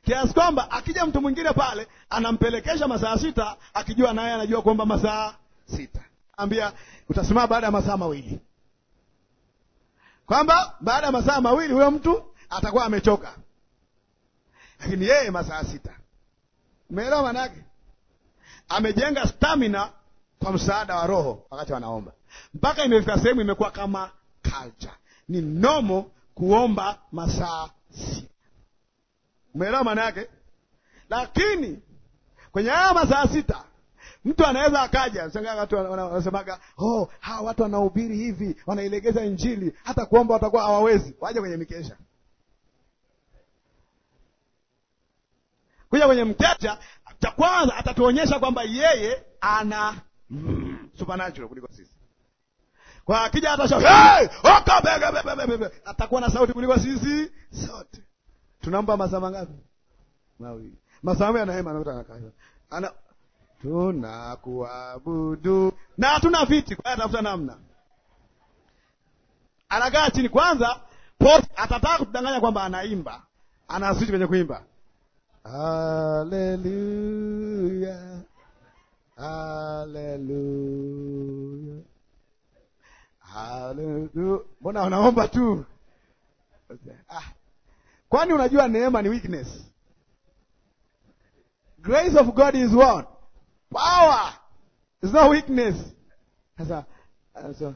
kiasi kwamba akija mtu mwingine pale anampelekesha masaa sita, akijua naye anajua kuomba masaa sita. Ambia utasimama baada ya masaa mawili, kwamba baada ya masaa mawili huyo mtu atakuwa amechoka, lakini yeye masaa sita. Umeelewa maana yake? Amejenga stamina kwa msaada wa Roho wakati wanaomba, mpaka imefika sehemu imekuwa kama culture, ni nomo kuomba masaa sita. Umeelewa maana yake? Lakini kwenye haya masaa sita mtu anaweza akaja shangaa. Watu wanasemaga oh, hawa watu wanahubiri hivi, wanailegeza Injili, hata kuomba watakuwa hawawezi. Waje kwenye mikesha, kuja kwenye mkesha, cha kwanza atatuonyesha kwamba yeye ana mm, supernatural kuliko sisi. Kwa akija atasha hey! oka bebe bebe bebe, atakuwa na sauti kuliko sisi sote. Tunaomba masaa mangapi? Mawili. Masaa yanahema anakuta anakaa ana tunakuabudu na hatuna viti, kwa atafuta namna, anakaa chini kwanza. Post atataka kutudanganya kwamba anaimba, Ana switch kwenye kuimba haleluya, haleluya Mbona wanaomba tu? Ah. Kwani unajua neema ni weakness? Grace of God is what? Power. It's not weakness. Sasa uh, so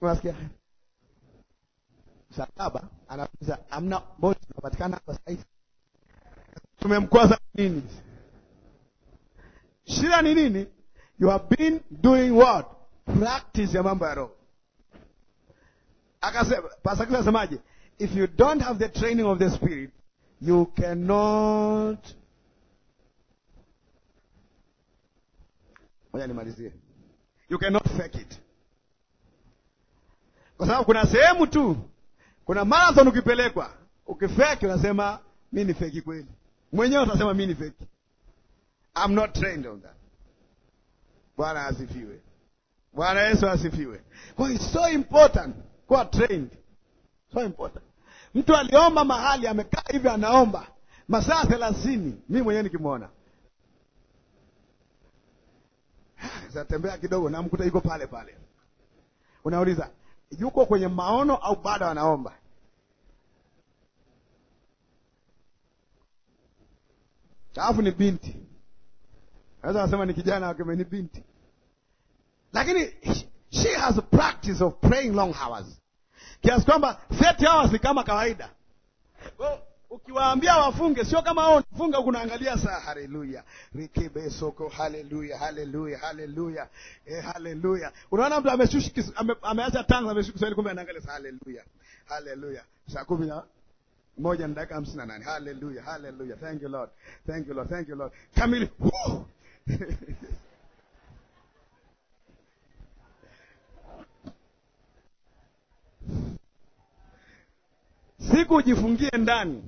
unasikia? Msalaba anauliza amna boti tunapatikana hapa sasa hivi. Tumemkwaza nini? Shida ni nini? You have been doing what? Practice ya mambo ya roho akasema asemaje? If you don't have the training of the spirit, you cannot. Ngoja nimalizie. You cannot fake it. Kwa sababu kuna sehemu tu, kuna marathon ukipelekwa, ukifeki unasema mi ni feki kweli, mwenyewe utasema mi ni feki. I'm not trained on that. Bwana asifiwe. Bwana Yesu asifiwe. Kwa it's so important kuwa trained, so important. Mtu aliomba mahali amekaa hivi anaomba masaa thelathini, mi mwenyewe nikimwona zatembea kidogo, namkuta yuko pale pale. Unauliza, yuko kwenye maono au bado anaomba? Alafu ni binti, naweza kusema ni kijana wake, ni binti, lakini she has a practice of praying long hours kiasi kwamba seti hawa si kama kawaida. Ukiwaambia wafunge sio kama wao funga, huku naangalia saa. Haleluya rikibe soko, haleluya, haleluya, haleluya, eh, haleluya. Unaona mtu ameshusha, ameacha tanga ameshusha Kiswahili, kumbe anaangalia saa. Haleluya, haleluya, saa kumi na moja na dakika hamsini na nane. Haleluya, haleluya, thank you Lord, thank you Lord, thank you Lord, kamili Siku ujifungie ndani,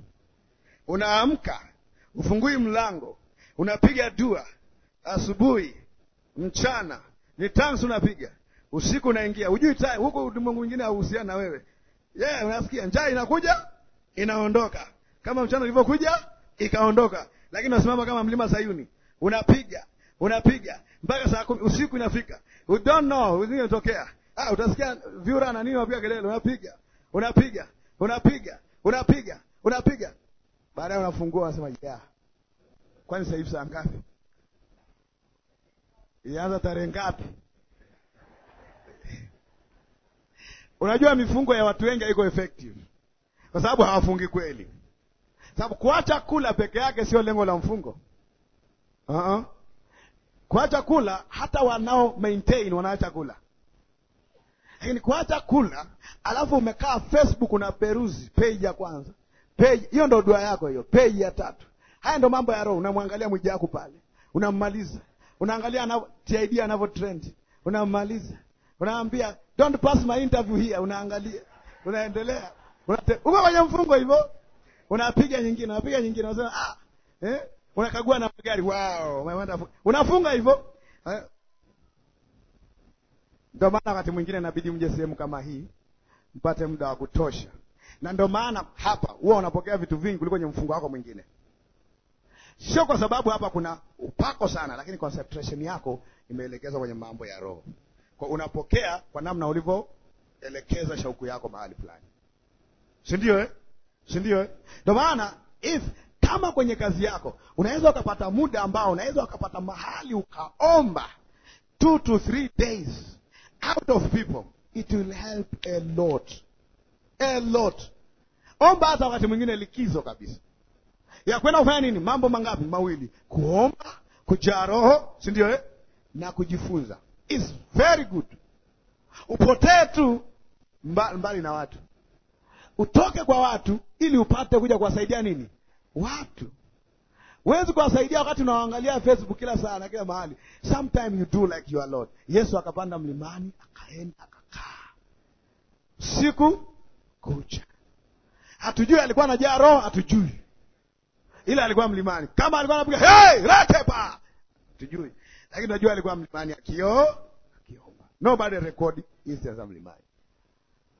unaamka ufungui mlango, unapiga dua asubuhi, mchana ni tansi, unapiga usiku, unaingia hujui ta huku ulimwengu mwingine hauhusiani na wewe yeah, unasikia njaa inakuja inaondoka, kama mchana ulivyokuja ikaondoka, lakini unasimama kama mlima Sayuni, unapiga unapiga mpaka saa kumi usiku inafika, you don't know, uzingetokea Ah, utasikia viura na nini unapiga kelele, unapiga, unapiga, unapiga, unapiga, unapiga. Baadaye unafungua unasema ya. Kwani sasa hivi saa ngapi? Ilianza tarehe ngapi? Unajua mifungo ya watu wengi haiko effective. Kwa sababu hawafungi kweli. Sababu kuacha kula peke yake sio lengo la mfungo. Uh -uh. Kuacha kula hata wanao maintain wanaacha kula. Lakini kuacha kula alafu umekaa Facebook na peruzi page ya kwanza, page hiyo ndo dua yako hiyo, page ya tatu. Haya ndo mambo ya roho. Unamwangalia Mwijaku pale, unammaliza. Unaangalia anavyo TID anavyo trend, unammaliza. Unaambia don't pass my interview here, unaangalia, unaendelea, unate uko kwenye mfungo hivyo, unapiga nyingine, unapiga nyingine, unasema ah, eh, unakagua na magari wow, unafunga hivyo eh? Ndio maana wakati mwingine inabidi mje sehemu kama hii mpate muda wa kutosha, na ndio maana hapa huwa unapokea vitu vingi kuliko kwenye mfungo wako mwingine. Sio kwa sababu hapa kuna upako sana, lakini concentration yako imeelekezwa kwenye mambo ya roho, kwa unapokea kwa namna ulivyoelekeza shauku yako mahali fulani, si ndio eh? si ndio eh? Ndio maana if kama kwenye kazi yako unaweza ukapata muda ambao unaweza ukapata mahali ukaomba 2 to 3 days out of people, it will help a lot, a lot. Omba hata wakati mwingine likizo kabisa ya kwenda kufanya nini? Mambo mangapi? Mawili, kuomba, kujaa Roho, si eh? na kujifunza. It's very good. Upotee tu mba, mbali na watu, utoke kwa watu ili upate kuja kuwasaidia nini watu huwezi kuwasaidia wakati unawaangalia Facebook kila saa na kila mahali. Sometime you do like your Lord. Yesu akapanda mlimani akaenda akakaa siku kucha. Hatujui alikuwa anajaa Roho, hatujui, ila alikuwa mlimani. Kama alikuwa anapiga hey, ratepa, hatujui, lakini tunajua alikuwa mlimani akio akiomba. Nobody record instance za mlimani.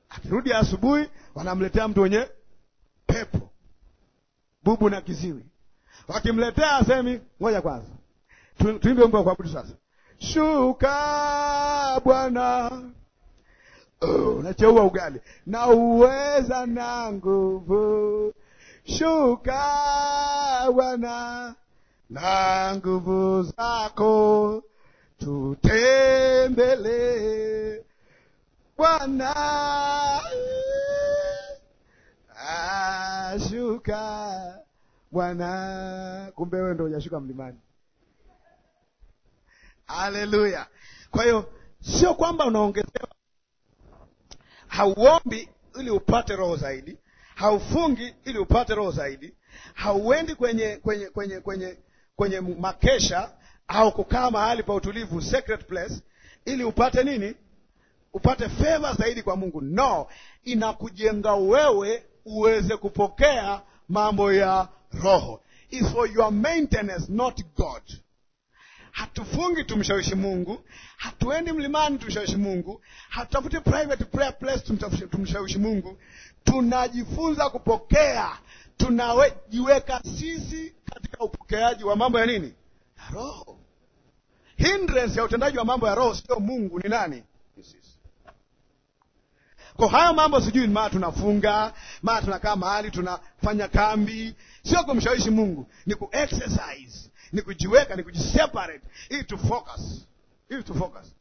Akirudi asubuhi, wanamletea mtu wenye pepo bubu na kiziwi wakimletea asemi, ngoja kwanza tuimbe wimbo wa kuabudu sasa. Shuka Bwana, uh, ugali na uweza na nguvu. Shuka Bwana na nguvu zako, tutembele Bwana ashuka ah, Bwana, kumbe wewe ndio ujashuka mlimani. Haleluya! Kwa hiyo sio kwamba unaongezewa, hauombi ili upate roho zaidi, haufungi ili upate roho zaidi, hauendi kwenye kwenye kwenye kwenye kwenye makesha au kukaa mahali pa utulivu, secret place, ili upate nini? Upate fedha zaidi kwa Mungu. No, inakujenga wewe uweze kupokea mambo ya roho is for your maintenance not god hatufungi tumshawishi mungu hatuendi mlimani tumshawishi mungu hatutafuti private prayer place tumshawishi mungu tunajifunza kupokea tunajiweka sisi katika upokeaji wa mambo ya nini ya roho hindrance ya utendaji wa mambo ya roho sio mungu ni nani ni sisi kwa hayo mambo sijui, ni maa tunafunga, maa tunakaa mahali tunafanya kambi, sio kumshawishi Mungu, ni ku exercise, ni kujiweka, ni kujiseparate ili tufocus ili tufocus focus.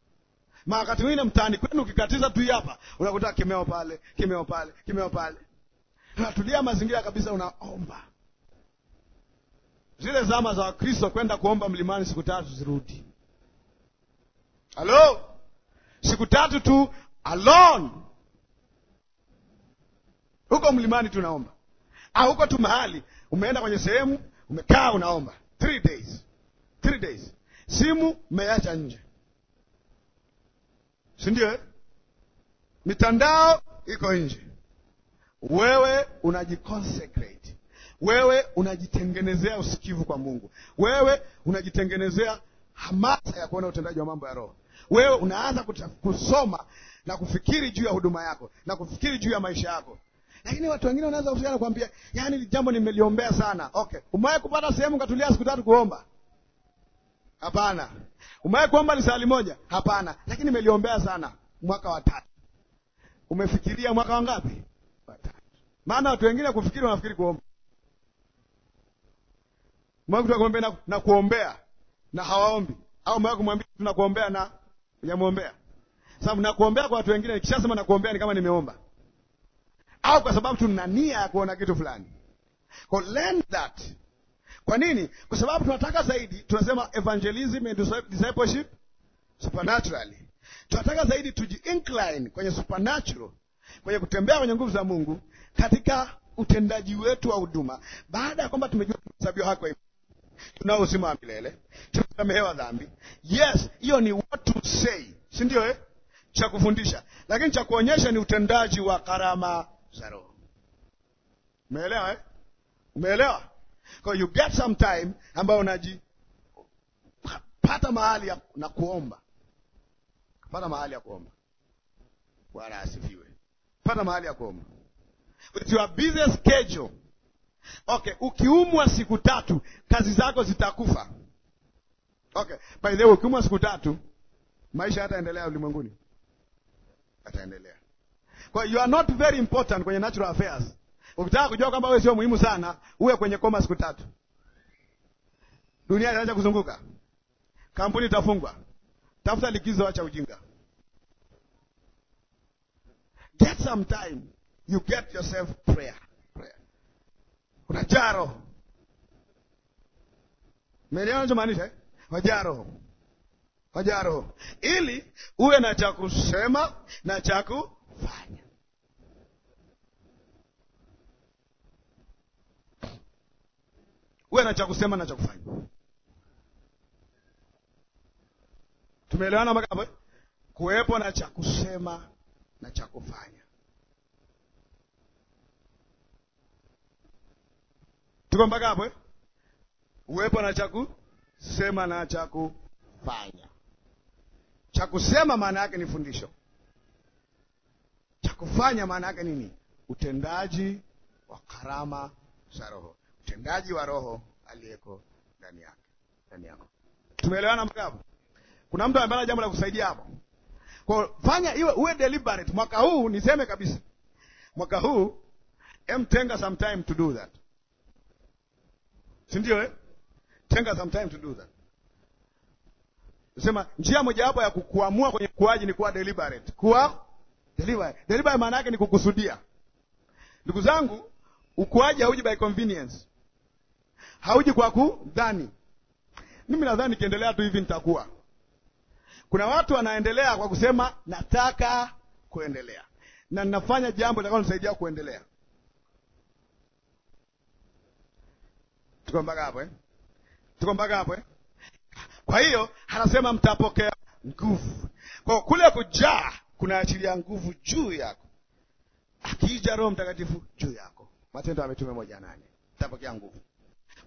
Ma wakati mwingine mtaani kwenu ukikatiza tu hapa, unakuta kimeo pale, kimeo pale, kimeo pale. Unatulia mazingira kabisa, unaomba. Zile zama za Wakristo kwenda kuomba mlimani siku tatu zirudi. Halo? Siku tatu tu alone huko mlimani tunaomba, au huko tu mahali umeenda kwenye sehemu umekaa unaomba three days, three days, simu umeacha nje, si ndio? Eh? Mitandao iko nje, wewe unajiconsecrate, wewe unajitengenezea usikivu kwa Mungu, wewe unajitengenezea hamasa ya kuona utendaji wa mambo ya Roho. Wewe unaanza kusoma na kufikiri juu ya huduma yako na kufikiri juu ya maisha yako lakini watu wengine wanaweza kushikana kwambia, yani jambo nimeliombea sana. Okay, umewahi kupata sehemu katulia siku tatu kuomba? Hapana. Umewahi kuomba ni sali moja? Hapana, lakini nimeliombea sana mwaka wa tatu. Umefikiria mwaka wangapi? Watatu. Maana watu wengine kufikiri, wanafikiri kuomba kumwambia na, na kuombea na hawaombi, au mwa kumwambia tunakuombea na hujamwombea. Sababu nakuombea kwa watu wengine, nikishasema na kuombea ni kama nimeomba au kwa sababu tuna nia ya kuona kitu fulani. Kwa learn that. Kwa nini? Kwa sababu tunataka zaidi, tunasema evangelism and discipleship supernaturally. Tunataka zaidi tuji incline kwenye supernatural, kwenye kutembea kwenye nguvu za Mungu katika utendaji wetu wa huduma, baada ya kwamba tumejua tumehesabiwa haki kwa imani, tunao uzima wa milele, tumesamehewa dhambi. Yes, hiyo ni what to say, si ndio eh? cha kufundisha, lakini cha kuonyesha ni utendaji wa karama za roho. Umeelewa eh? Umeelewa? Kwa you get some time ambayo pata mahali ya, na kuomba pata mahali ya kuomba. Bwana asifiwe. Pata mahali ya kuomba with your busy schedule. Okay, ukiumwa siku tatu kazi zako zitakufa. Okay, by the way, ukiumwa siku tatu maisha yataendelea ulimwenguni, Ataendelea. Kwa you are not very important kwenye natural affairs. Ukitaka kujua kwamba wewe sio muhimu sana, uwe kwenye koma siku tatu, dunia inaanza kuzunguka, kampuni itafungwa. Tafuta likizo, acha ujinga. Get some time, you get yourself prayer, prayer. Unajaa roho, umeelewa nachomaanisha? Eh? Wajaa roho wajaa roho, ili uwe na cha kusema na cha kufanya. Wewe na cha kusema na cha kufanya. Tumeelewana mpaka Kuwepo na cha kusema na cha kufanya. Tuko mpaka hapo eh? Uwepo na cha kusema na cha kufanya. Cha kusema maana yake ni fundisho. Cha kufanya maana yake nini? Utendaji wa karama za Roho mtendaji wa Roho aliyeko ndani yake ndani yako. Tumeelewana mgavu? Kuna mtu ambaye ana jambo la kusaidia hapo. Kwa fanya iwe uwe deliberate. Mwaka huu niseme kabisa. Mwaka huu em tenga some time to do that. Si ndio eh? Tenga some time to do that. Nasema njia mojawapo ya kukuamua kwenye kuaji ni kuwa deliberate. Kuwa deliberate. Deliberate maana yake ni kukusudia. Ndugu zangu, ukuaji hauji by convenience hauji kwa kudhani. Mimi nadhani nikiendelea tu hivi nitakuwa. Kuna watu wanaendelea kwa kusema nataka kuendelea na ninafanya jambo litakalonisaidia kuendelea. Tuko mpaka hapo eh? Tuko mpaka hapo eh? Kwa hiyo anasema mtapokea nguvu. Kwa kule kujaa kunaachilia nguvu juu yako, akija Roho Mtakatifu juu yako. Matendo ya Mitume moja nane mtapokea nguvu.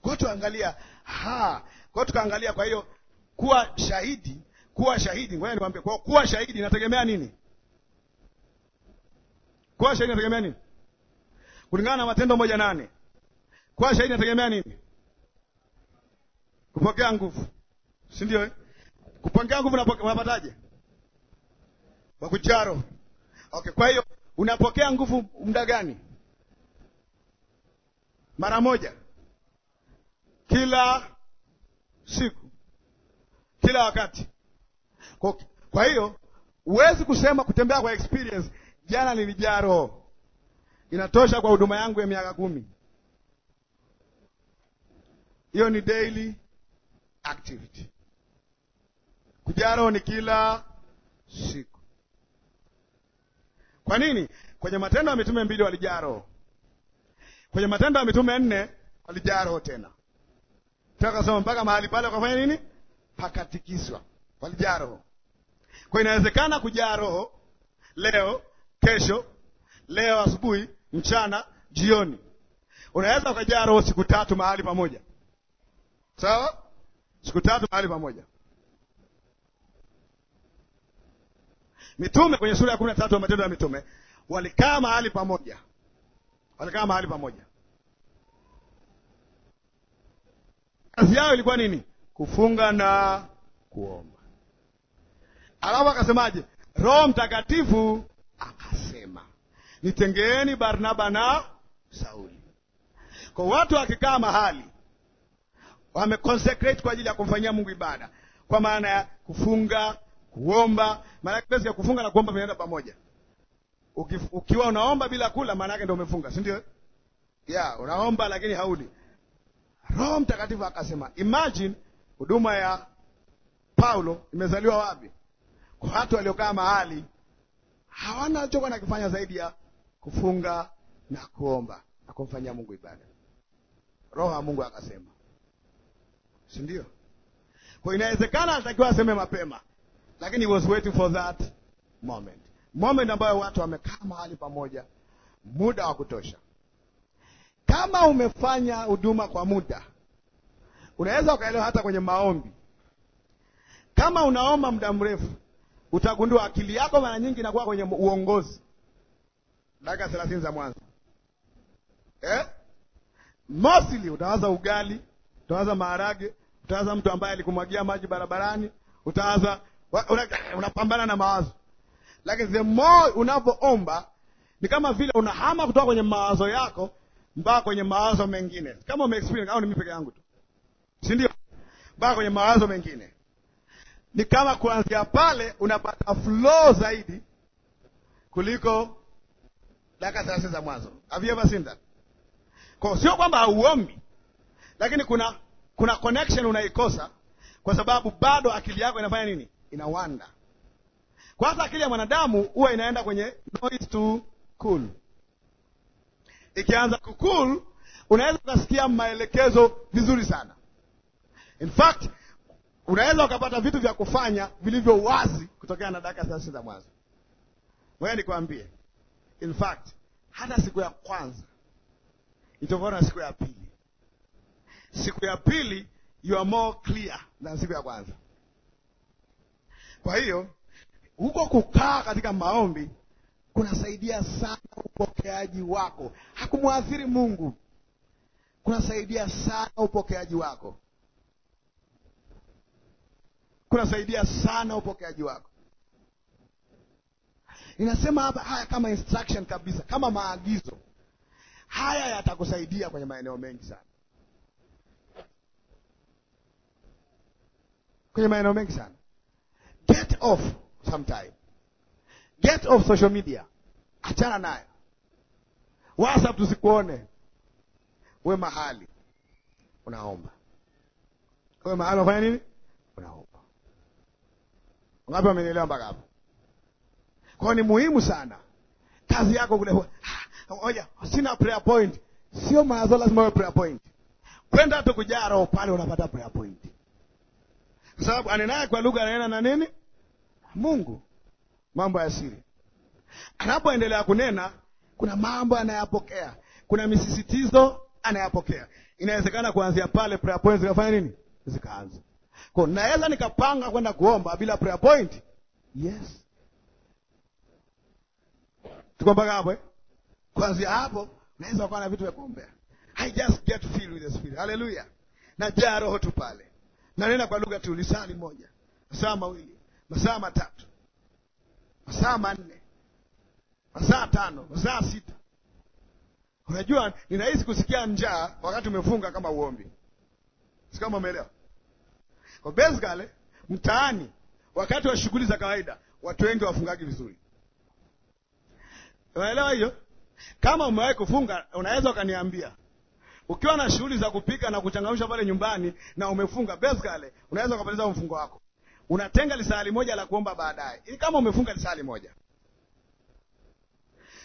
Kwa tuangalia ha, kwa tukaangalia. Kwa hiyo kuwa shahidi, kuwa shahidi, ngoja niwaambie, kwa kuwa shahidi inategemea nini? Kuwa shahidi inategemea nini? Kulingana na Matendo moja nane, kuwa shahidi inategemea nini? Kupokea nguvu, si ndio eh? Kupokea nguvu unapataje? Kwa kujaro. Okay, kwa hiyo unapokea nguvu muda gani? Mara moja kila siku, kila wakati. Kwa, kwa hiyo huwezi kusema kutembea kwa experience, jana nilijaa roho, inatosha kwa huduma yangu ya miaka kumi. Hiyo ni daily activity. Kujaa roho ni kila siku. Kwa nini? Kwenye Matendo ya Mitume mbili walijaa roho, kwenye Matendo ya Mitume nne walijaa roho tena. Tukasema mpaka mahali pale wakafanya nini? Pakatikiswa, walijaa roho. Kwa inawezekana kujaa roho leo, kesho, leo asubuhi, mchana, jioni. Unaweza ukajaa roho siku tatu mahali pamoja, sawa? Siku tatu mahali pamoja. Mitume kwenye sura ya kumi na tatu ya Matendo ya Mitume walikaa mahali pamoja, walikaa mahali pamoja kazi yao ilikuwa nini? Kufunga na kuomba. Alafu akasemaje? Roho Mtakatifu akasema, nitengeeni Barnaba na Sauli. Kwa watu wakikaa mahali wameconsecrate kwa ajili ya kumfanyia Mungu ibada, kwa maana ya kufunga, kuomba. Maana yake ya kufunga na kuomba vinaenda pamoja. Ukiwa unaomba bila kula, maana yake ndio umefunga, si ndio? Yeah, unaomba lakini hauli. Roho Mtakatifu akasema. Imagine huduma ya Paulo imezaliwa wapi? Kwa watu waliokaa mahali hawana chochote na kufanya zaidi ya kufunga na kuomba na kumfanyia Mungu ibada. Roho wa Mungu akasema, si ndio? Kwa inawezekana alitakiwa aseme mapema, lakini he was waiting for that moment, moment ambayo watu wamekaa mahali pamoja muda wa kutosha. Kama umefanya huduma kwa muda, unaweza ukaelewa hata kwenye maombi. Kama unaomba muda mrefu, utagundua akili yako mara nyingi inakuwa kwenye uongozi. Dakika thelathini za mwanzo eh? Mostly utawaza ugali, utawaza maharage, utawaza mtu ambaye alikumwagia maji barabarani, utawaza unapambana una na mawazo, lakini the more unavyoomba ni kama vile unahama kutoka kwenye mawazo yako mpaka kwenye mawazo mengine, kama umeexperience au ni mimi peke yangu tu, si ndio? Mpaka kwenye mawazo mengine, ni kama kuanzia pale unapata flow zaidi kuliko dakika thelathini za mwanzo. Have you ever seen that? Kwa sio kwamba hauombi, lakini kuna kuna connection unaikosa kwa sababu bado akili yako inafanya nini? Inawanda. Kwanza akili ya mwanadamu huwa inaenda kwenye noise to cool ikianza kukul, unaweza ukasikia maelekezo vizuri sana. In fact unaweza ukapata vitu vya kufanya vilivyo wazi kutokana na dakika thelathini za mwanzo. Ngoja nikwambie, in fact hata siku ya kwanza itofauti na siku ya pili. Siku ya pili you are more clear than siku ya kwanza. Kwa hiyo huko kukaa katika maombi kunasaidia sana upokeaji wako. Hakumwathiri Mungu, kunasaidia sana upokeaji wako, kunasaidia sana upokeaji wako. Inasema hapa haya kama instruction kabisa, kama maagizo haya yatakusaidia kwenye maeneo mengi sana, kwenye maeneo mengi sana. Get off sometime Get off social media, achana nayo. WhatsApp tusikuone. We mahali unaomba, we mahali unafanya nini? Unaomba. Ngapi wamenielewa mpaka hapo? Kwa ni muhimu sana kazi yako kule. Ah, Oja, sina prayer point, sio mazo lazima uwe prayer point. Kwenda tu kujaa roho pale, unapata prayer point, kwa sababu anenaye kwa lugha anaena na nini? Mungu mambo ya siri. Anapoendelea kunena, kuna mambo anayapokea, kuna misisitizo anayapokea. Inawezekana kuanzia pale prayer point zikafanya nini, zikaanza. Kwa naweza nikapanga kwenda kuomba bila prayer point. Yes, tuko mpaka hapo eh? Kuanzia hapo naweza kuwa na vitu vya kuombea. I just get filled with the spirit. Hallelujah. Najaa roho tu pale, nanena kwa lugha tu, lisali moja, masaa mawili, masaa matatu masaa manne, masaa tano, masaa sita. Unajua ni rahisi kusikia njaa wakati umefunga kama uombi, si kama umeelewa? Kwa basically eh, mtaani, wakati wa shughuli za kawaida, watu wengi wafungagi vizuri. Unaelewa hiyo? Kama umewahi kufunga, unaweza ukaniambia. Ukiwa na shughuli za kupika na kuchangamsha pale nyumbani na umefunga, basically eh, unaweza ukapoteza mfungo wako unatenga lisali moja la kuomba baadaye, ili kama umefunga lisali moja,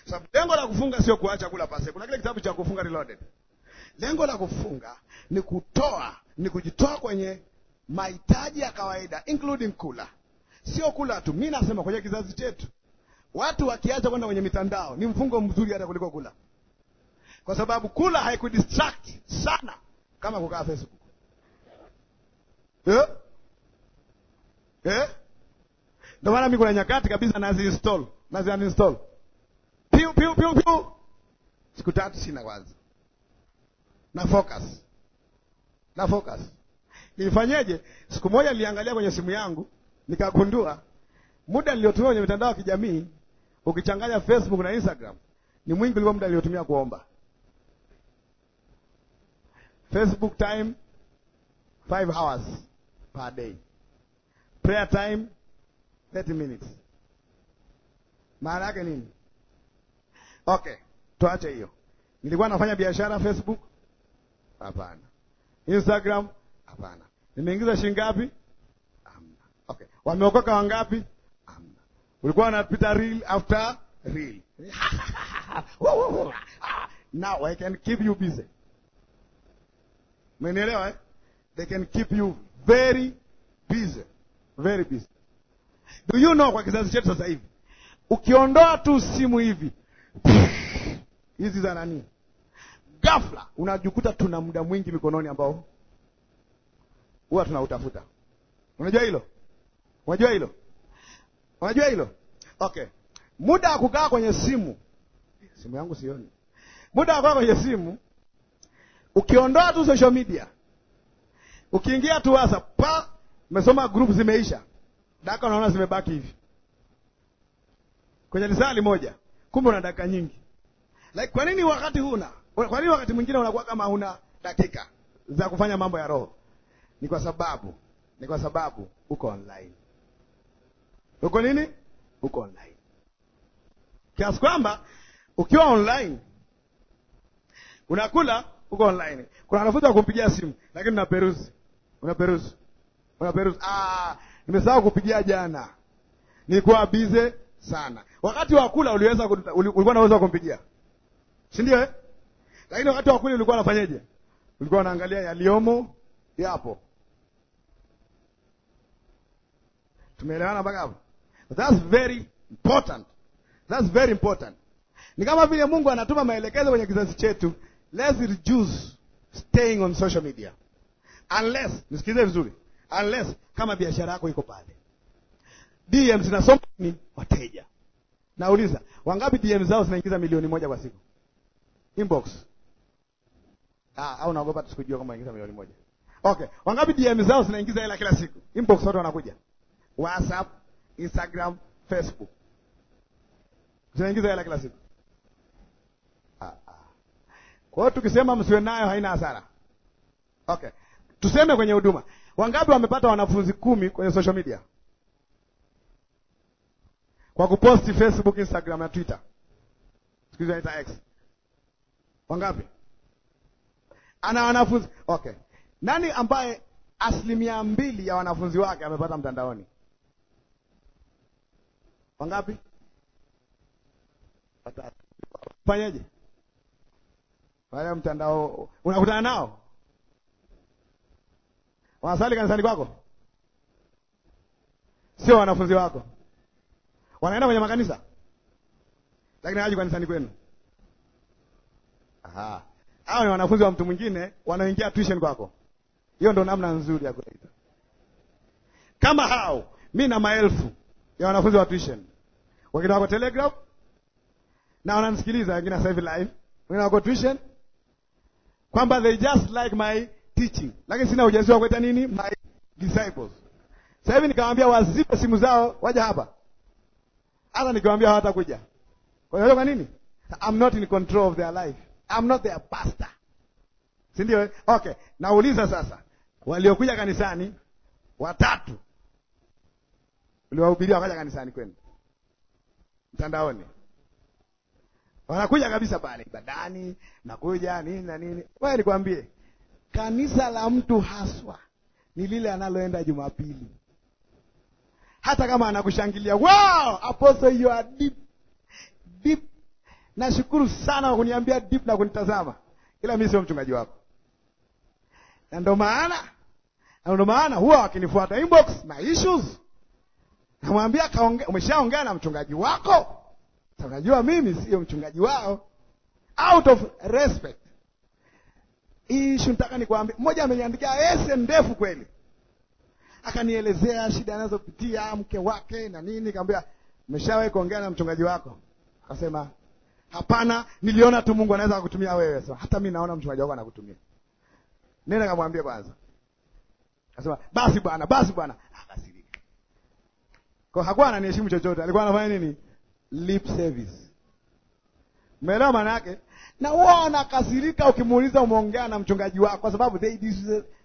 sababu so, lengo la kufunga sio kuacha kula pase. Kuna kile kitabu cha kufunga reloaded. Lengo la kufunga ni kutoa, ni kujitoa kwenye mahitaji ya kawaida including kula, sio kula tu. Mimi nasema kwenye kizazi chetu watu wakiacha kwenda kwenye mitandao, ni mfungo mzuri hata kuliko kula, kwa sababu kula haikudistract sana kama kukaa Facebook yeah? eh? Ndio maana mimi kuna nyakati kabisa nazi install nazi uninstall piu piu piu piu, siku tatu sina kwanza, na focus na focus. Nifanyeje? Siku moja niliangalia kwenye simu yangu nikagundua muda niliotumia kwenye mitandao ya kijamii ukichanganya Facebook na Instagram ni mwingi kuliko muda niliotumia kuomba. Facebook time 5 hours per day prayer time 30 minutes. Maana yake nini? Okay, tuache hiyo. Nilikuwa nafanya biashara Facebook? Hapana. Instagram? Hapana. Nimeingiza shilingi ngapi? Hamna. Okay, wameokoka wangapi? Hamna. Ulikuwa unapita real after reel. Now I can keep you busy. Mmenielewa eh? They can keep you very busy very busy. Do you know, kwa kizazi chetu sasa hivi ukiondoa tu simu hivi hizi za nani, ghafla unajikuta tuna muda mwingi mikononi ambao huwa tunautafuta. Unajua hilo? Unajua hilo? Unajua hilo? Okay, muda wa kukaa kwenye simu, simu yangu sioni, muda wa kukaa kwenye simu ukiondoa tu social media, ukiingia tu WhatsApp Umesoma group zimeisha, dakika unaona zimebaki hivi kwenye lisali moja, kumbe una dakika nyingi. Like, kwa nini wakati huna, kwa nini wakati mwingine unakuwa kama huna dakika za kufanya mambo ya roho? Ni kwa sababu ni kwa sababu uko online. Uko nini? Uko online kiasi kwamba ukiwa online unakula, uko online. Kuna wanafunzi wa kumpigia simu, lakini unaperuzi, unaperuzi kwa Waperuzi, ah, nimesahau kupigia jana, nilikuwa bize sana. Wakati wa kula uliweza, ulikuwa unaweza kumpigia, si ndio eh? Lakini wakati wa kula ulikuwa unafanyaje? Ulikuwa unaangalia yaliomo yapo. Tumeelewana mpaka hapo? That's very important, that's very important. Ni kama vile Mungu anatuma maelekezo kwenye kizazi chetu, let's reduce staying on social media unless, nisikize vizuri unless kama biashara yako iko pale. DM zinasoma ni wateja. Nauliza, wangapi DM zao zinaingiza milioni moja kwa siku? Inbox. Ah, au naogopa tusikujua kama inaingiza milioni moja. Okay, wangapi DM zao zinaingiza hela kila siku? Inbox watu wanakuja. WhatsApp, Instagram, Facebook. Zinaingiza hela kila siku. Ah, ah. Kwa hiyo tukisema msiwe nayo haina hasara. Okay. Tuseme kwenye huduma. Wangapi wamepata wanafunzi kumi kwenye social media kwa kuposti Facebook, Instagram na Twitter? Siku hizi X. Wangapi ana wanafunzi? Okay, nani ambaye asilimia mbili ya wanafunzi wake amepata mtandaoni? Wangapi? Watatu. Fanyeje? Wale mtandao unakutana nao Wanasali kanisani kwako? Sio wanafunzi wako. Wanaenda kwenye makanisa. Lakini hawaji kanisani kwenu. Aha. Hao ni wanafunzi wa mtu mwingine wanaoingia tuition kwako. Hiyo ndio namna nzuri ya kuita. Kama hao, mi na maelfu ya wanafunzi wa tuition. Wengine wako Telegram na wananisikiliza, wengine sasa hivi live, wengine wako tuition kwamba they just like my teaching, lakini sina ujasiri wa kuita nini my disciples. Sasa hivi nikamwambia wazipe simu zao waje hapa, hata nikamwambia hawatakuja. Kwa hiyo kwa nini? I'm not in control of their life, I'm not their pastor, si ndio? Okay, nauliza sasa, waliokuja kanisani watatu uliwahubiria wakaja kanisani kwenu, mtandaoni wanakuja kabisa pale ibadani, nakuja nini na nini. Wewe nikwambie, Kanisa la mtu haswa ni lile analoenda Jumapili, hata kama anakushangilia wow, apostle you are deep deep. Nashukuru sana kwa kuniambia deep na kunitazama, ila mimi sio mchungaji wako, na ndo maana na ndo maana huwa wakinifuata inbox na issues, namwambia kaonge, umeshaongea na mchungaji wako? Unajua mimi sio mchungaji wao, out of respect hii ishu nitaka nikwambie. Mmoja ameniandikia ese ndefu kweli, akanielezea shida anazopitia mke wake na nini. Nikamwambia umeshawahi kuongea na mchungaji wako? Akasema hapana, niliona tu Mungu anaweza kukutumia wewe. Sasa hata mimi naona mchungaji wako anakutumia. Nenda kamwambie kwanza. Akasema basi bwana, basi bwana, akasirika. Kwa hakuwa ananiheshimu chochote, alikuwa anafanya nini? Lip service. Umeelewa maana yake? Na wao wanakasirika ukimuuliza umeongea na mchungaji wako, kwa sababu they, dis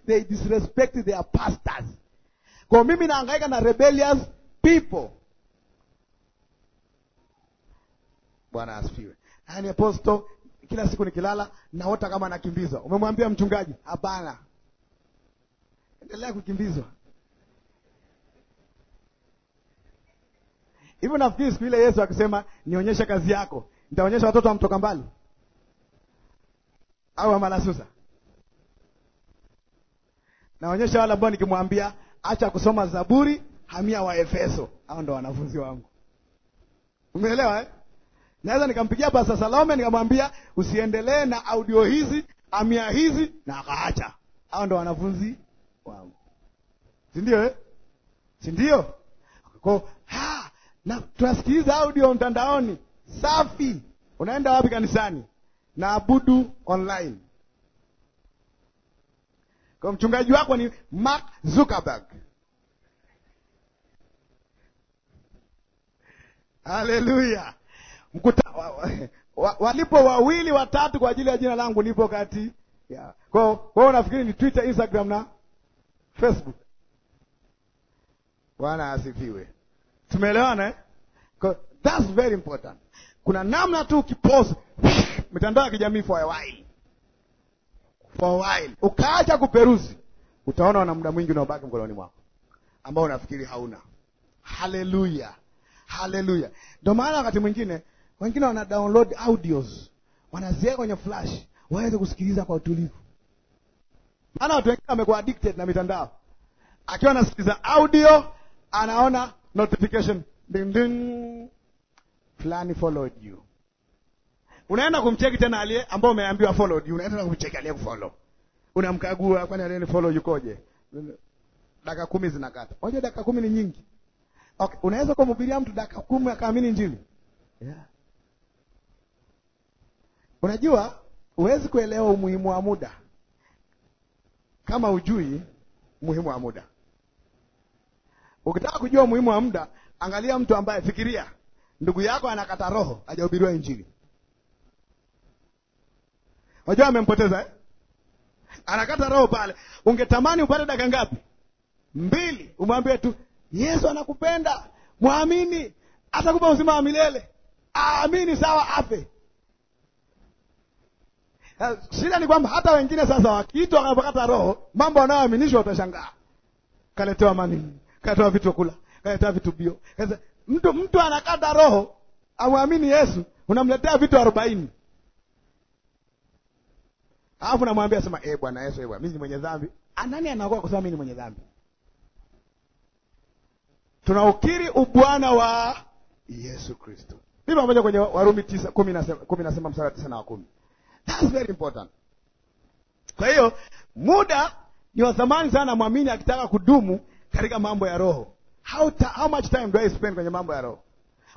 they disrespect their pastors. Kwa mimi naangaika na rebellious people. Bwana asifiwe. Yaani aposto, kila siku nikilala naota kama nakimbizwa. Umemwambia mchungaji? Hapana, endelea kukimbizwa. Hivyo nafikiri siku ile Yesu akisema nionyeshe kazi yako, nitaonyesha watoto wa mtoka mbali au wa Malasusa, naonyesha wale ambao nikimwambia acha kusoma Zaburi, hamia wa Efeso, hao ndo wanafunzi wangu. Umeelewa eh? Naweza nikampigia Pastor Salome nikamwambia usiendelee na audio hizi hamia hizi, na akaacha. Hao ndo wanafunzi wangu, si ndio eh? si ndio? Kwa tunasikiliza audio mtandaoni, safi. Unaenda wapi kanisani? Naabudu online. Kwa mchungaji wako ni Mark Zuckerberg. Haleluya! Mkuta walipo wawili watatu kwa ajili ya jina langu nipo kati ya kwao. Kwao unafikiri ni Twitter, Instagram na Facebook. Bwana asifiwe. Tumeelewana eh? That's very important. Kuna namna tu ukipost mitandao ya kijamii for a while, for a while, ukaacha kuperuzi, utaona wana muda mwingi unaobaki mkononi mwako ambao unafikiri hauna. Haleluya, haleluya! Ndio maana wakati mwingine wengine wana download audios wanaziweka kwenye flash waweze kusikiliza kwa utulivu, maana watu wengine wamekuwa addicted na mitandao. Akiwa anasikiliza audio anaona notification ding ding fulani followed you. Unaenda kumcheki tena aliye ambao umeambiwa followed you, unaenda kumcheki aliye kufollow. Unamkagua kwani aliye ni follow yukoje? Dakika kumi zinakata. Hoja dakika kumi ni nyingi. Okay, unaweza kumhubiria mtu dakika kumi akaamini injili? Yeah. Unajua huwezi kuelewa umuhimu wa muda kama ujui muhimu wa muda. Ukitaka kujua umuhimu wa muda, angalia mtu ambaye, fikiria ndugu yako anakata roho, hajahubiriwa Injili. Unajua amempoteza eh? Anakata roho pale. Ungetamani upate dakika ngapi? Mbili, umwambie tu Yesu anakupenda, mwamini, atakupa uzima wa milele. Aamini sawa, afe. Eh, shida ni kwamba hata wengine sasa wakiitwa wanapokata roho, mambo wanayoaminishwa utashangaa, kaletewa manini, kaletewa vitu kula, kaletewa vitu bio, mtu mtu anakata roho amwamini Yesu, unamletea vitu arobaini alafu namwambia sema, eh Bwana Yesu, eh Bwana, mimi ni mwenye dhambi. Anani ah, anaokoa kwa sababu mimi ni mwenye dhambi? Tunaukiri ubwana wa Yesu Kristo. Biblia pamoja kwenye Warumi 10 nasema mstari wa 9 na 10. That's very important. Kwa hiyo muda ni wa thamani sana, mwamini akitaka kudumu katika mambo ya roho how, ta, how much time do I spend kwenye mambo ya roho?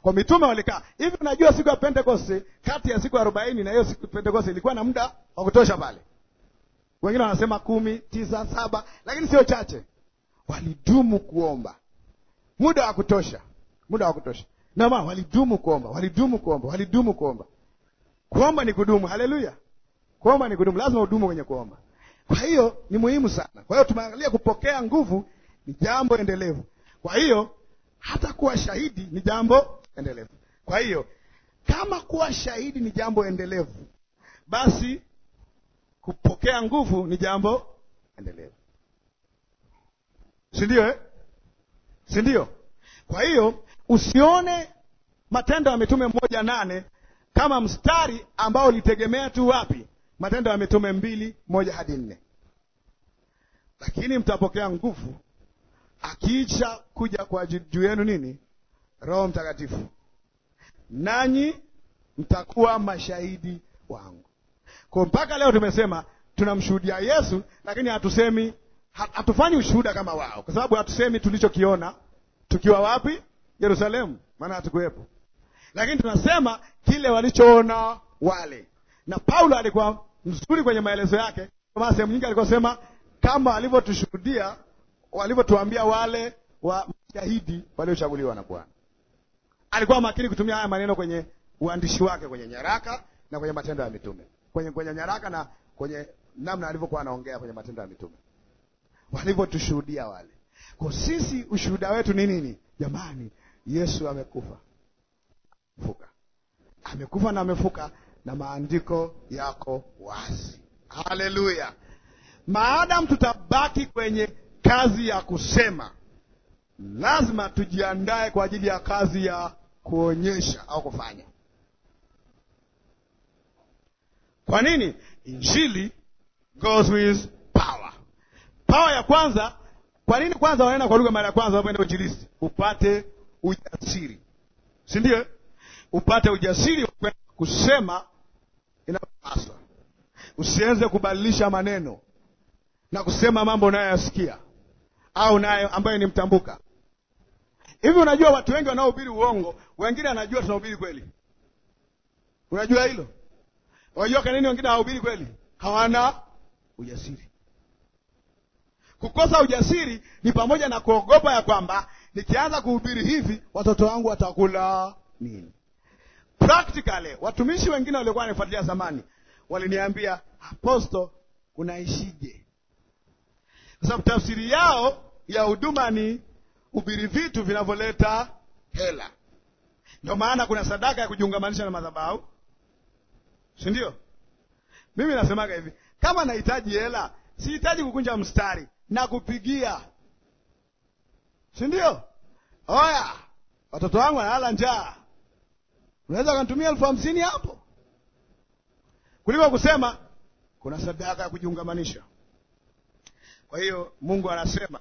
Kwa mitume walikaa hivi. Unajua siku ya Pentekoste, kati ya siku arobaini na hiyo siku ya Pentekoste ilikuwa na muda wa kutosha pale. Wengine wanasema kumi, tisa, saba, lakini sio chache. Walidumu kuomba muda wa kutosha, muda wa kutosha na maana walidumu kuomba, walidumu kuomba, walidumu kuomba. Kuomba ni kudumu. Haleluya! Kuomba ni kudumu, lazima udumu kwenye kuomba. Kwa hiyo ni muhimu sana. Kwa hiyo tumeangalia kupokea nguvu ni jambo endelevu. Kwa hiyo hata kuwa shahidi ni jambo endelevu. Kwa hiyo kama kuwa shahidi ni jambo endelevu, basi kupokea nguvu ni jambo endelevu, si ndio eh? si ndio? Kwa hiyo usione Matendo ya Mitume moja nane kama mstari ambao ulitegemea tu wapi, Matendo ya Mitume mbili moja hadi nne, lakini mtapokea nguvu akiisha kuja kwa juu yenu nini? Roho Mtakatifu, nanyi mtakuwa mashahidi wangu. Kwa mpaka leo tumesema tunamshuhudia Yesu, lakini hatusemi, hatufanyi ushuhuda kama wao, kwa sababu hatusemi tulichokiona tukiwa wapi? Yerusalemu, maana hatukuwepo. Lakini tunasema kile walichoona wale, na Paulo alikuwa mzuri kwenye maelezo yake, kwa maana sehemu nyingi alikuwa sema kama alivyotushuhudia walivyotuambia wale wa mashahidi waliochaguliwa na Bwana. Alikuwa makini kutumia haya maneno kwenye uandishi wake, kwenye nyaraka na kwenye matendo ya mitume, kwenye kwenye nyaraka na kwenye namna alivyokuwa anaongea kwenye matendo ya mitume, walivyotushuhudia wale. Kwa sisi ushuhuda wetu ni nini? Jamani, Yesu amekufa fuka, amekufa na amefuka, na maandiko yako wazi. Haleluya! maadamu tutabaki kwenye kazi ya kusema, lazima tujiandae kwa ajili ya kazi ya kuonyesha au kufanya. Kwa nini? Injili goes with power. Power ya kwanza. Kwa nini kwanza wanaenda kwa lugha mara ya kwanza wanapoenda injilisti? Upate ujasiri, si ndio? Upate ujasiri wa kwenda kusema inapaswa. Usianze kubadilisha maneno na kusema mambo unayoyasikia au nayo ambayo nimtambuka. Hivi unajua watu wengi wanaohubiri uongo, wengine anajua tunahubiri kweli. Unajua hilo? Unajua kwa nini wengine hawahubiri kweli? Hawana ujasiri. Kukosa ujasiri ni pamoja na kuogopa ya kwamba nikianza kuhubiri hivi watoto wangu watakula nini? Practically, watumishi wengine waliokuwa wanifuatilia zamani waliniambia, Apostle, unaishije? Kwa sababu tafsiri yao ya huduma ni ubiri vitu vinavyoleta hela. Ndio maana kuna sadaka ya kujiungamanisha na madhabahu, si ndio? Mimi nasemaga hivi, kama nahitaji hela, sihitaji kukunja mstari na kupigia, si ndio? Oya, watoto wangu wanalala njaa, unaweza ukanitumia elfu hamsini hapo, kuliko kusema kuna sadaka ya kujiungamanisha. Kwa hiyo Mungu anasema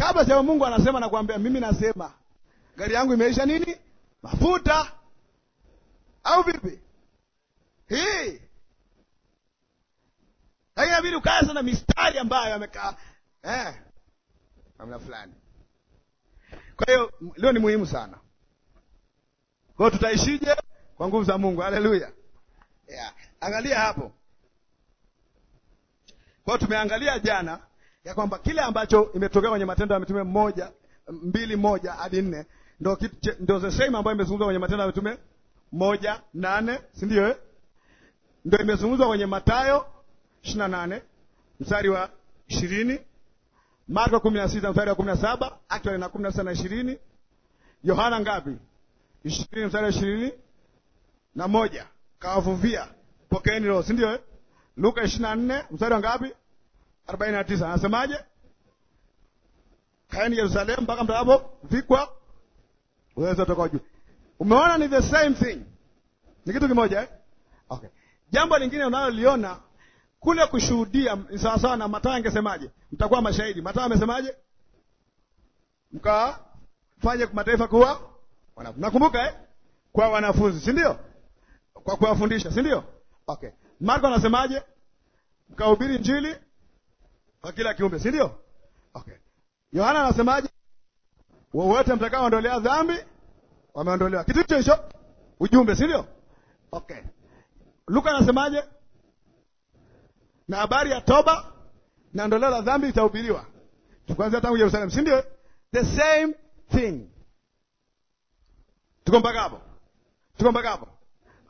Kabla sema Mungu anasema nakwambia mimi nasema. Gari yangu imeisha nini? Mafuta. Au vipi? Hii. Lakini inabidi ukae sana mistari ambayo amekaa eh namna fulani. Kwa hiyo leo ni muhimu sana. Kwa hiyo tutaishije kwa nguvu za Mungu. Haleluya. Yeah. Angalia hapo. Kwa hiyo tumeangalia jana ya kwamba kile ambacho imetokea kwenye Matendo ya Mitume moja mbili moja hadi nne ndo kitu ndo the same ambayo imezungumzwa kwenye Matendo ya Mitume moja nane si ndio eh? Ndo imezungumzwa kwenye Matayo ishirini na nane mstari wa ishirini Marko kumi na sita mstari wa kumi na saba actually na kumi na sita na ishirini Yohana ngapi? ishirini mstari wa ishirini na moja kawavuvia, pokeeni roho, si ndio eh? Luka ishirini na nne mstari wa ngapi? arobaini na tisa anasemaje? Kaeni Yerusalemu mpaka vikwa uwezo toka juu. Umeona, ni the same thing, ni kitu kimoja eh? Okay, jambo lingine unaloliona kule kushuhudia ni sawasawa na Mathayo angesemaje? Mtakuwa mashahidi. Mathayo amesemaje? Mkafanye mataifa kuwa wanafunzi. Nakumbuka eh? Kwa wanafunzi, si ndio? Kwa kuwafundisha, si ndio? Okay. Marko anasemaje? Mkahubiri Injili kwa kila kiumbe, si ndio? Okay, Yohana anasemaje? Wowote mtakaoondolea dhambi wameondolewa, kitu hicho hicho, ujumbe, si ndio? Okay, Luka anasemaje? Na habari ya toba na ondoleo la dhambi itahubiriwa kuanzia tangu Yerusalemu, si ndio? The same thing. Tuko mpaka hapo? Tuko mpaka hapo?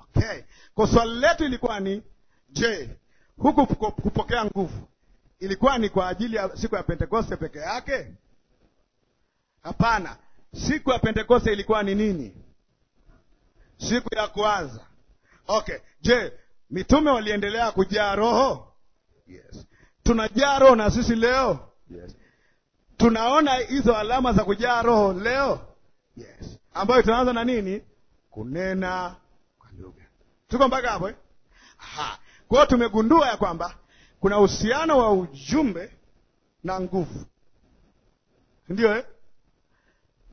Okay, kwa swali letu ilikuwa ni je, huku kupokea nguvu ilikuwa ni kwa ajili ya siku ya Pentekoste peke yake? Hapana, siku ya Pentekoste ilikuwa ni nini? Siku ya kwanza. Okay, je, mitume waliendelea kujaa Roho? Yes. Tunajaa Roho na sisi leo? Yes. Tunaona hizo alama za kujaa Roho leo? Yes. Ambayo tunaanza na nini? Kunena kwa lugha. Tuko mpaka hapo eh? Aha. Kwa hiyo tumegundua ya kwamba kuna uhusiano wa ujumbe na nguvu, ndio eh?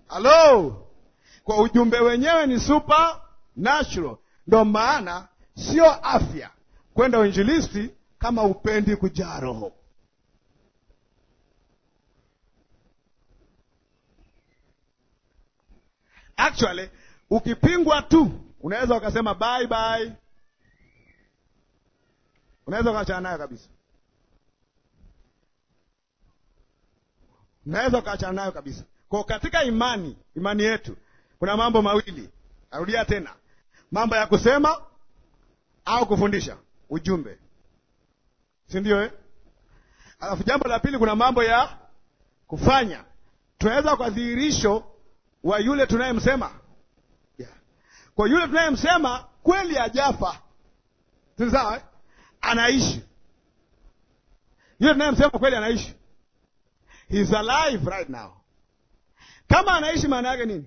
Halo, kwa ujumbe wenyewe ni super natural. Ndo maana sio afya kwenda uinjilisti kama upendi kujaa Roho. Actually ukipingwa tu unaweza ukasema bye bye, unaweza ukaachana nayo kabisa. Naweza ukaachana nayo kabisa. Kwa katika imani, imani yetu kuna mambo mawili, narudia tena, mambo ya kusema au kufundisha ujumbe, si ndio eh? Alafu jambo la pili, kuna mambo ya kufanya. Tunaweza kwa dhihirisho wa yule tunayemsema yeah. Kwa yule tunayemsema kweli ajafa si sawa eh? Anaishi yule tunayemsema kweli anaishi. He's alive right now. Kama anaishi maana yake nini?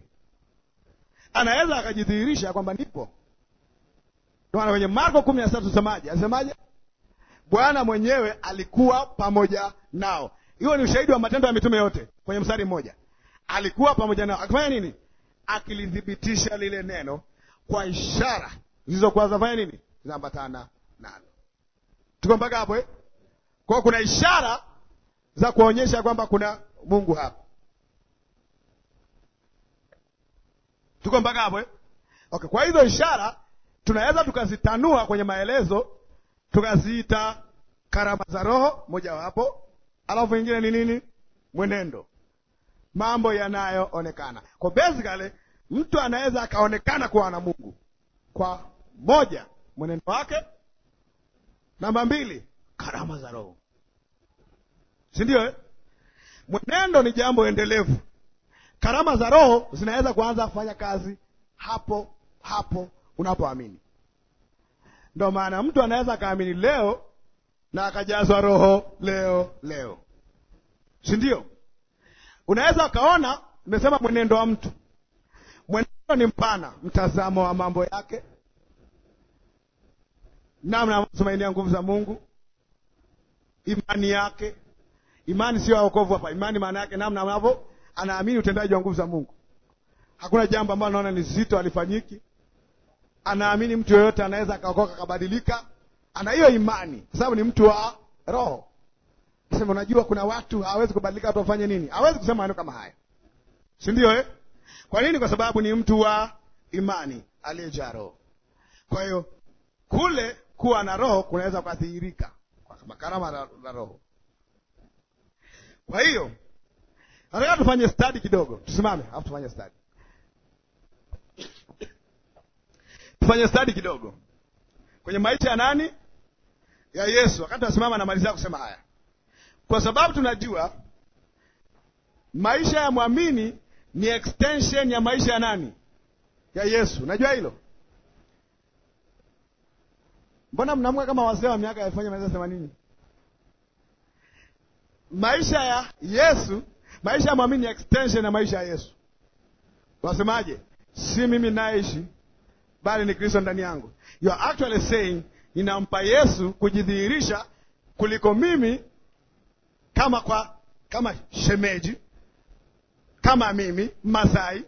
Anaweza akajidhihirisha kwamba nipo. Ndio maana kwenye Marko kumi na tusemaje? Anasemaje? Bwana mwenyewe alikuwa pamoja nao. Hiyo ni ushahidi wa matendo ya mitume yote kwenye mstari mmoja. Alikuwa pamoja nao. Akifanya nini? Akilithibitisha lile neno kwa ishara zilizokuwa zafanya nini? Zambatana nalo. Tuko mpaka hapo eh? Kwa kuna ishara za kuonyesha kwamba kuna Mungu hapo. Tuko mpaka hapo eh? Okay, kwa hizo ishara tunaweza tukazitanua kwenye maelezo tukaziita karama za Roho mojawapo, alafu ingine ni nini? Mwenendo, mambo yanayoonekana. Kwa basically mtu anaweza akaonekana kuwa na Mungu kwa moja, mwenendo wake. Namba mbili, karama za Roho si ndio eh? Mwenendo ni jambo endelevu. Karama za Roho zinaweza kuanza kufanya kazi hapo hapo unapoamini. Ndio maana mtu anaweza akaamini leo na akajazwa Roho leo leo, si ndio? Unaweza ukaona, nimesema mwenendo wa mtu. Mwenendo ni mpana, mtazamo wa mambo yake, namna matumaini ya nguvu za Mungu, imani yake Imani sio wokovu hapa. Imani maana yake namna ambavyo anaamini utendaji wa nguvu za Mungu. Hakuna jambo ambalo naona ni zito alifanyiki. Anaamini mtu yoyote anaweza akaokoka akabadilika. Ana hiyo imani kwa sababu ni mtu wa roho. Sema unajua kuna watu hawezi kubadilika watu wafanye nini? Hawezi kusema maneno kama haya. Si ndio eh? Kwa nini? Kwa sababu ni mtu wa imani aliyejaa roho. Kwa hiyo kule kuwa na roho kunaweza kuathirika kwa karama la roho. Kwa hiyo nataka tufanye study kidogo, tusimame alafu tufanye study, tufanye study kidogo kwenye maisha ya nani? Ya Yesu. Wakati nasimama namalizia kusema haya, kwa sababu tunajua maisha ya mwamini ni extension ya maisha ya nani? Ya Yesu. Najua hilo. Mbona mnamka kama wazee wa miaka elfu moja mia tisa themanini? maisha ya Yesu, maisha ya mwamini extension ya maisha ya Yesu. Wasemaje? Si mimi naishi, bali ni Kristo ndani yangu. You are actually saying ninampa Yesu kujidhihirisha kuliko mimi kama kwa kama shemeji kama mimi Masai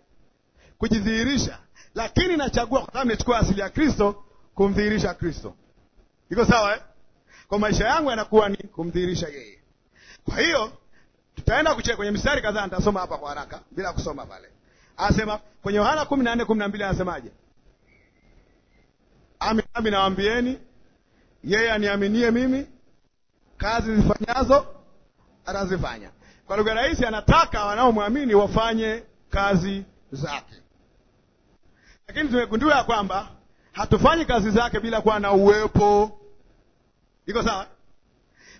kujidhihirisha, lakini nachagua kwa sababu nimechukua asili ya Kristo kumdhihirisha Kristo. Iko sawa eh? Kwa maisha yangu yanakuwa ni kumdhihirisha yeye. Kwa hiyo tutaenda kuchea kwenye mistari kadhaa, nitasoma hapa kwa haraka bila kusoma pale. Anasema kwenye Yohana kumi na nne kumi na mbili anasemaje? Amin, amin nawaambieni, yeye aniaminie mimi, kazi zifanyazo atazifanya. Kwa lugha rahisi, anataka wanaomwamini wafanye kazi zake, lakini tumegundua ya kwamba hatufanyi kazi zake bila kuwa na uwepo. Iko sawa?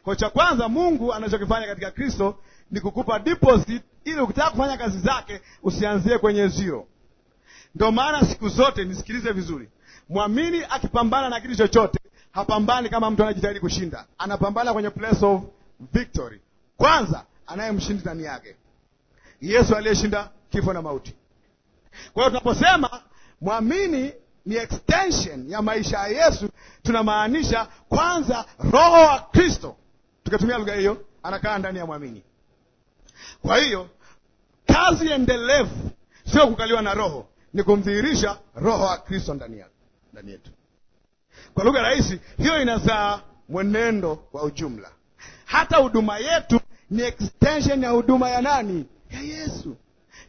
Kwa cha kwanza Mungu anachokifanya katika Kristo ni kukupa deposit, ili ukitaka kufanya kazi zake usianzie kwenye zero. Ndio maana siku zote, nisikilize vizuri, mwamini akipambana na kitu chochote hapambani kama mtu anajitahidi kushinda, anapambana kwenye place of victory. Kwanza anayemshinda ndani yake Yesu aliyeshinda kifo na mauti. Kwa hiyo tunaposema mwamini ni extension ya maisha ya Yesu, tunamaanisha kwanza roho wa Kristo tukatumia lugha hiyo, anakaa ndani ya mwamini. Kwa hiyo kazi endelevu sio kukaliwa na Roho, ni kumdhihirisha Roho wa Kristo ndani yetu. Kwa lugha rahisi, hiyo inazaa mwenendo wa ujumla. Hata huduma yetu ni extension ya huduma ya nani? Ya Yesu,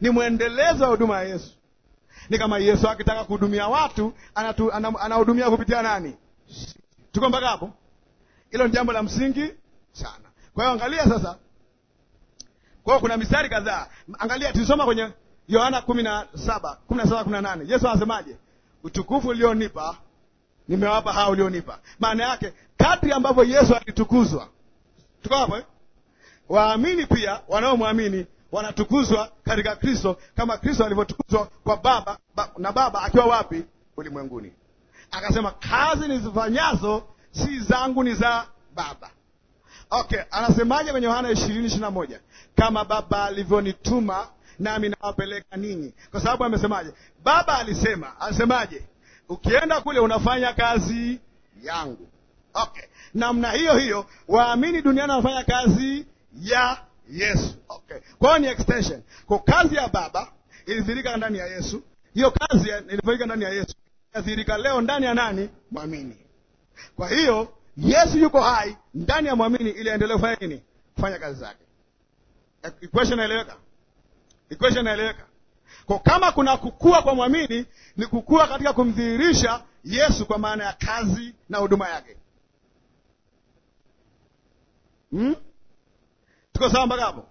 ni mwendelezo wa huduma ya Yesu. Ni kama Yesu akitaka kuhudumia watu anahudumia ana, kupitia nani? Tuko mpaka hapo? Hilo ni jambo la msingi sana. Kwa hiyo angalia sasa, kwa hiyo kuna mistari kadhaa, angalia tulisoma kwenye Yohana kumi na saba kumi na saba kumi na nane Yesu anasemaje? Utukufu ulionipa nimewapa hao ulionipa. Maana yake kadri ambavyo Yesu alitukuzwa, tuko hapo eh? Waamini pia wanaomwamini wanatukuzwa katika Kristo kama Kristo alivyotukuzwa kwa Baba ba, na Baba akiwa wapi? Ulimwenguni. Akasema kazi nizifanyazo si zangu, ni za Baba. Okay, anasemaje kwenye Yohana 20:21? Kama Baba alivyonituma nami nawapeleka ninyi. Kwa sababu amesemaje? Baba alisema, asemaje Ukienda kule unafanya kazi yangu. Okay, namna hiyo hiyo waamini duniani wanafanya kazi ya Yesu. Okay, kwa hiyo ni extension kwa kazi ya Baba ilidhirika ndani ya Yesu. Hiyo kazi ilidhirika ndani ya Yesu, inadhirika leo ndani ya nani? Mwamini. Kwa hiyo Yesu yuko hai ndani ya mwamini ili aendelee kufanya nini? kufanya kazi zake. Equation inaeleweka? Equation inaeleweka? Kwa kama kuna kukua kwa mwamini ni kukua katika kumdhihirisha Yesu kwa maana ya kazi na huduma yake. Hmm? Tuko sawa mpaka hapo?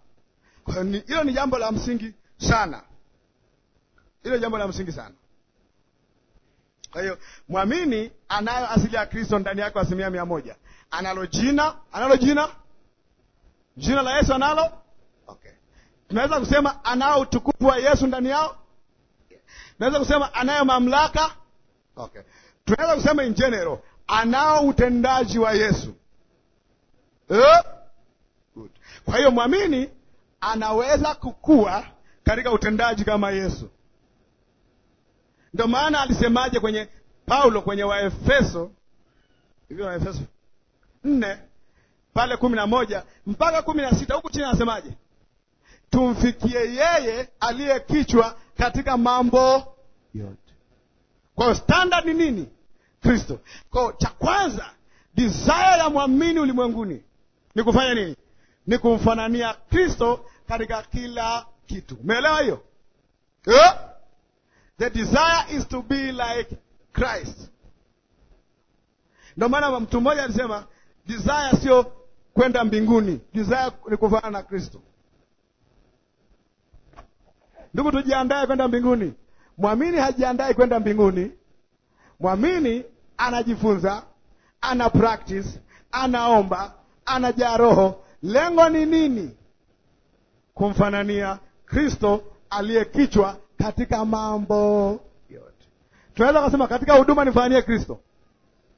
Kwa hiyo hilo ni jambo la msingi sana. Hilo jambo la msingi sana. Kwa hiyo mwamini anayo asili ya Kristo ndani yake asilimia mia moja. Analo jina, analo jina, jina la Yesu analo. Okay, tunaweza kusema anao utukufu wa Yesu ndani yao, tunaweza kusema anayo mamlaka. Okay, tunaweza kusema in general anao utendaji wa Yesu eh? Good. Kwa hiyo mwamini anaweza kukua katika utendaji kama Yesu. Ndio maana alisemaje kwenye Paulo kwenye Waefeso hivyo, Waefeso nne pale kumi na moja mpaka kumi na sita huku chini anasemaje? Tumfikie yeye aliye kichwa katika mambo yote. Kwa hiyo standard ni nini? Kristo. Kwa cha kwanza, desire ya mwamini ulimwenguni ni kufanya nini? Ni kumfanania Kristo katika kila kitu. Umeelewa hiyo? The desire is to be like Christ. Ndio maana mtu mmoja alisema desire sio kwenda mbinguni, desire ni kufana na Kristo. Ndugu, tujiandae kwenda mbinguni. Mwamini hajiandai kwenda mbinguni. Mwamini anajifunza, ana practice, anaomba, anajaa Roho. Lengo ni nini? Kumfanania Kristo aliye kichwa katika mambo yote. Tunaweza kusema katika huduma nimfanyie Kristo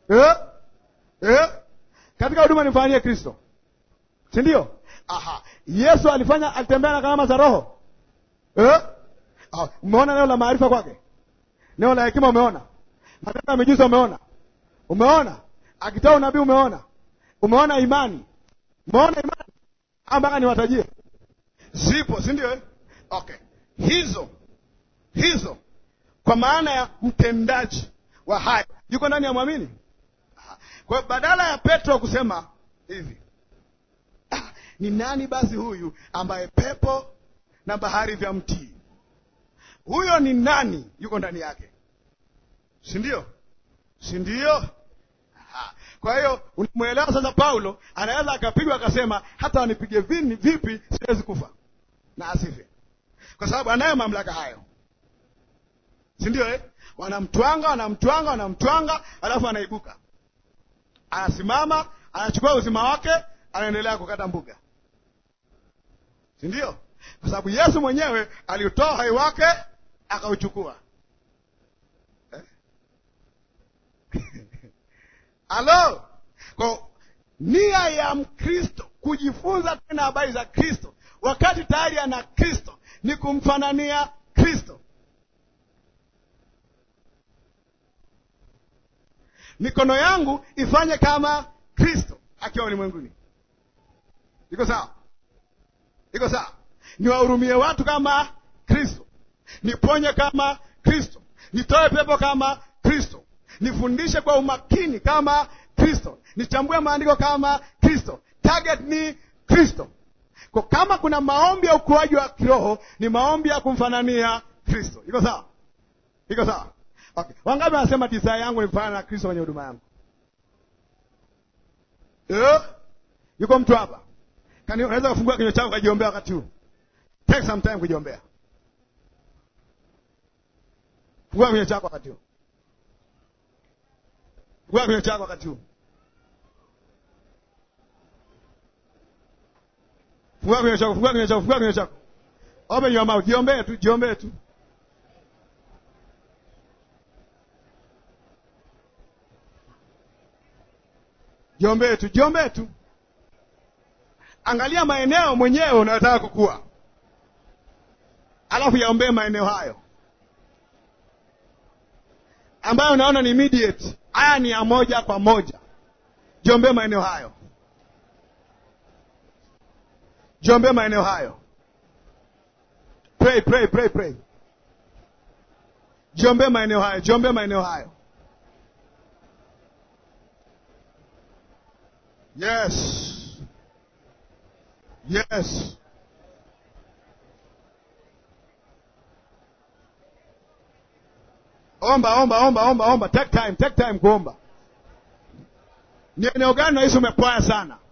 eh? Eh? katika huduma nimfanyie Kristo, si ndio? Aha, Yesu alifanya alitembea na karama za Roho eh? Ah, umeona neno la maarifa kwake, neno la hekima, umeona matendo ya miujiza, umeona umeona akitoa unabii, umeona umeona imani, umeona imani mpaka niwatajie, zipo si ndio eh? Okay, hizo hizo kwa maana ya mtendaji wa haya yuko ndani ya mwamini. Kwa hiyo badala ya Petro kusema hivi, ah, ni nani basi huyu ambaye pepo na bahari vya mtii? Huyo ni nani? Yuko ndani yake, si ndio? si ndio? Kwa hiyo unamwelewa sasa. Paulo anaweza akapigwa akasema, hata wanipige vini vipi siwezi kufa na asife, kwa sababu anayo mamlaka hayo si ndio eh? Wanamtwanga, wanamtwanga, wanamtwanga, alafu anaibuka, anasimama, anachukua uzima wake, anaendelea kukata mbuga, si ndio? Kwa sababu Yesu mwenyewe aliutoa hai wake akauchukua eh? Halo, kwa nia ya Mkristo kujifunza tena habari za Kristo wakati tayari ana Kristo ni kumfanania Kristo. mikono yangu ifanye kama Kristo akiwa ulimwenguni. Iko sawa? Iko sawa? Niwahurumie watu kama Kristo, niponye kama Kristo, nitoe pepo kama Kristo, nifundishe kwa umakini kama Kristo, nichambue maandiko kama Kristo. Target ni Kristo. Kwa kama kuna maombi ya ukuaji wa kiroho, ni maombi ya kumfanania Kristo. Iko sawa? Iko sawa? Okay. Wangapi wanasema desire yangu ni kufanana na Kristo kwenye huduma yangu? Eh? Yuko mtu hapa. Kani unaweza kufungua kinywa chako kujiombea wakati huu. Take some time kujiombea. Fungua kinywa chako wakati huu. Fungua kinywa chako wakati huu. Fungua kinywa chako, fungua kinywa chako, fungua kinywa chako. Open your mouth, jiombee tu, jiombee tu. Jombe yetu, jombe Angalia maeneo mwenyewe unayotaka kukua, alafu yaombee maeneo hayo ambayo unaona ni immediate. Haya ni ya moja kwa moja, jiombee maeneo hayo, jiombee maeneo hayo. Pray, pray, pray, pray. Jiombee maeneo hayo, jiombee maeneo hayo. Yes. Yes. Omba, omba, omba, omba, omba. Take time, take time kuomba. Ni eneo gani nahisi umepoa sana?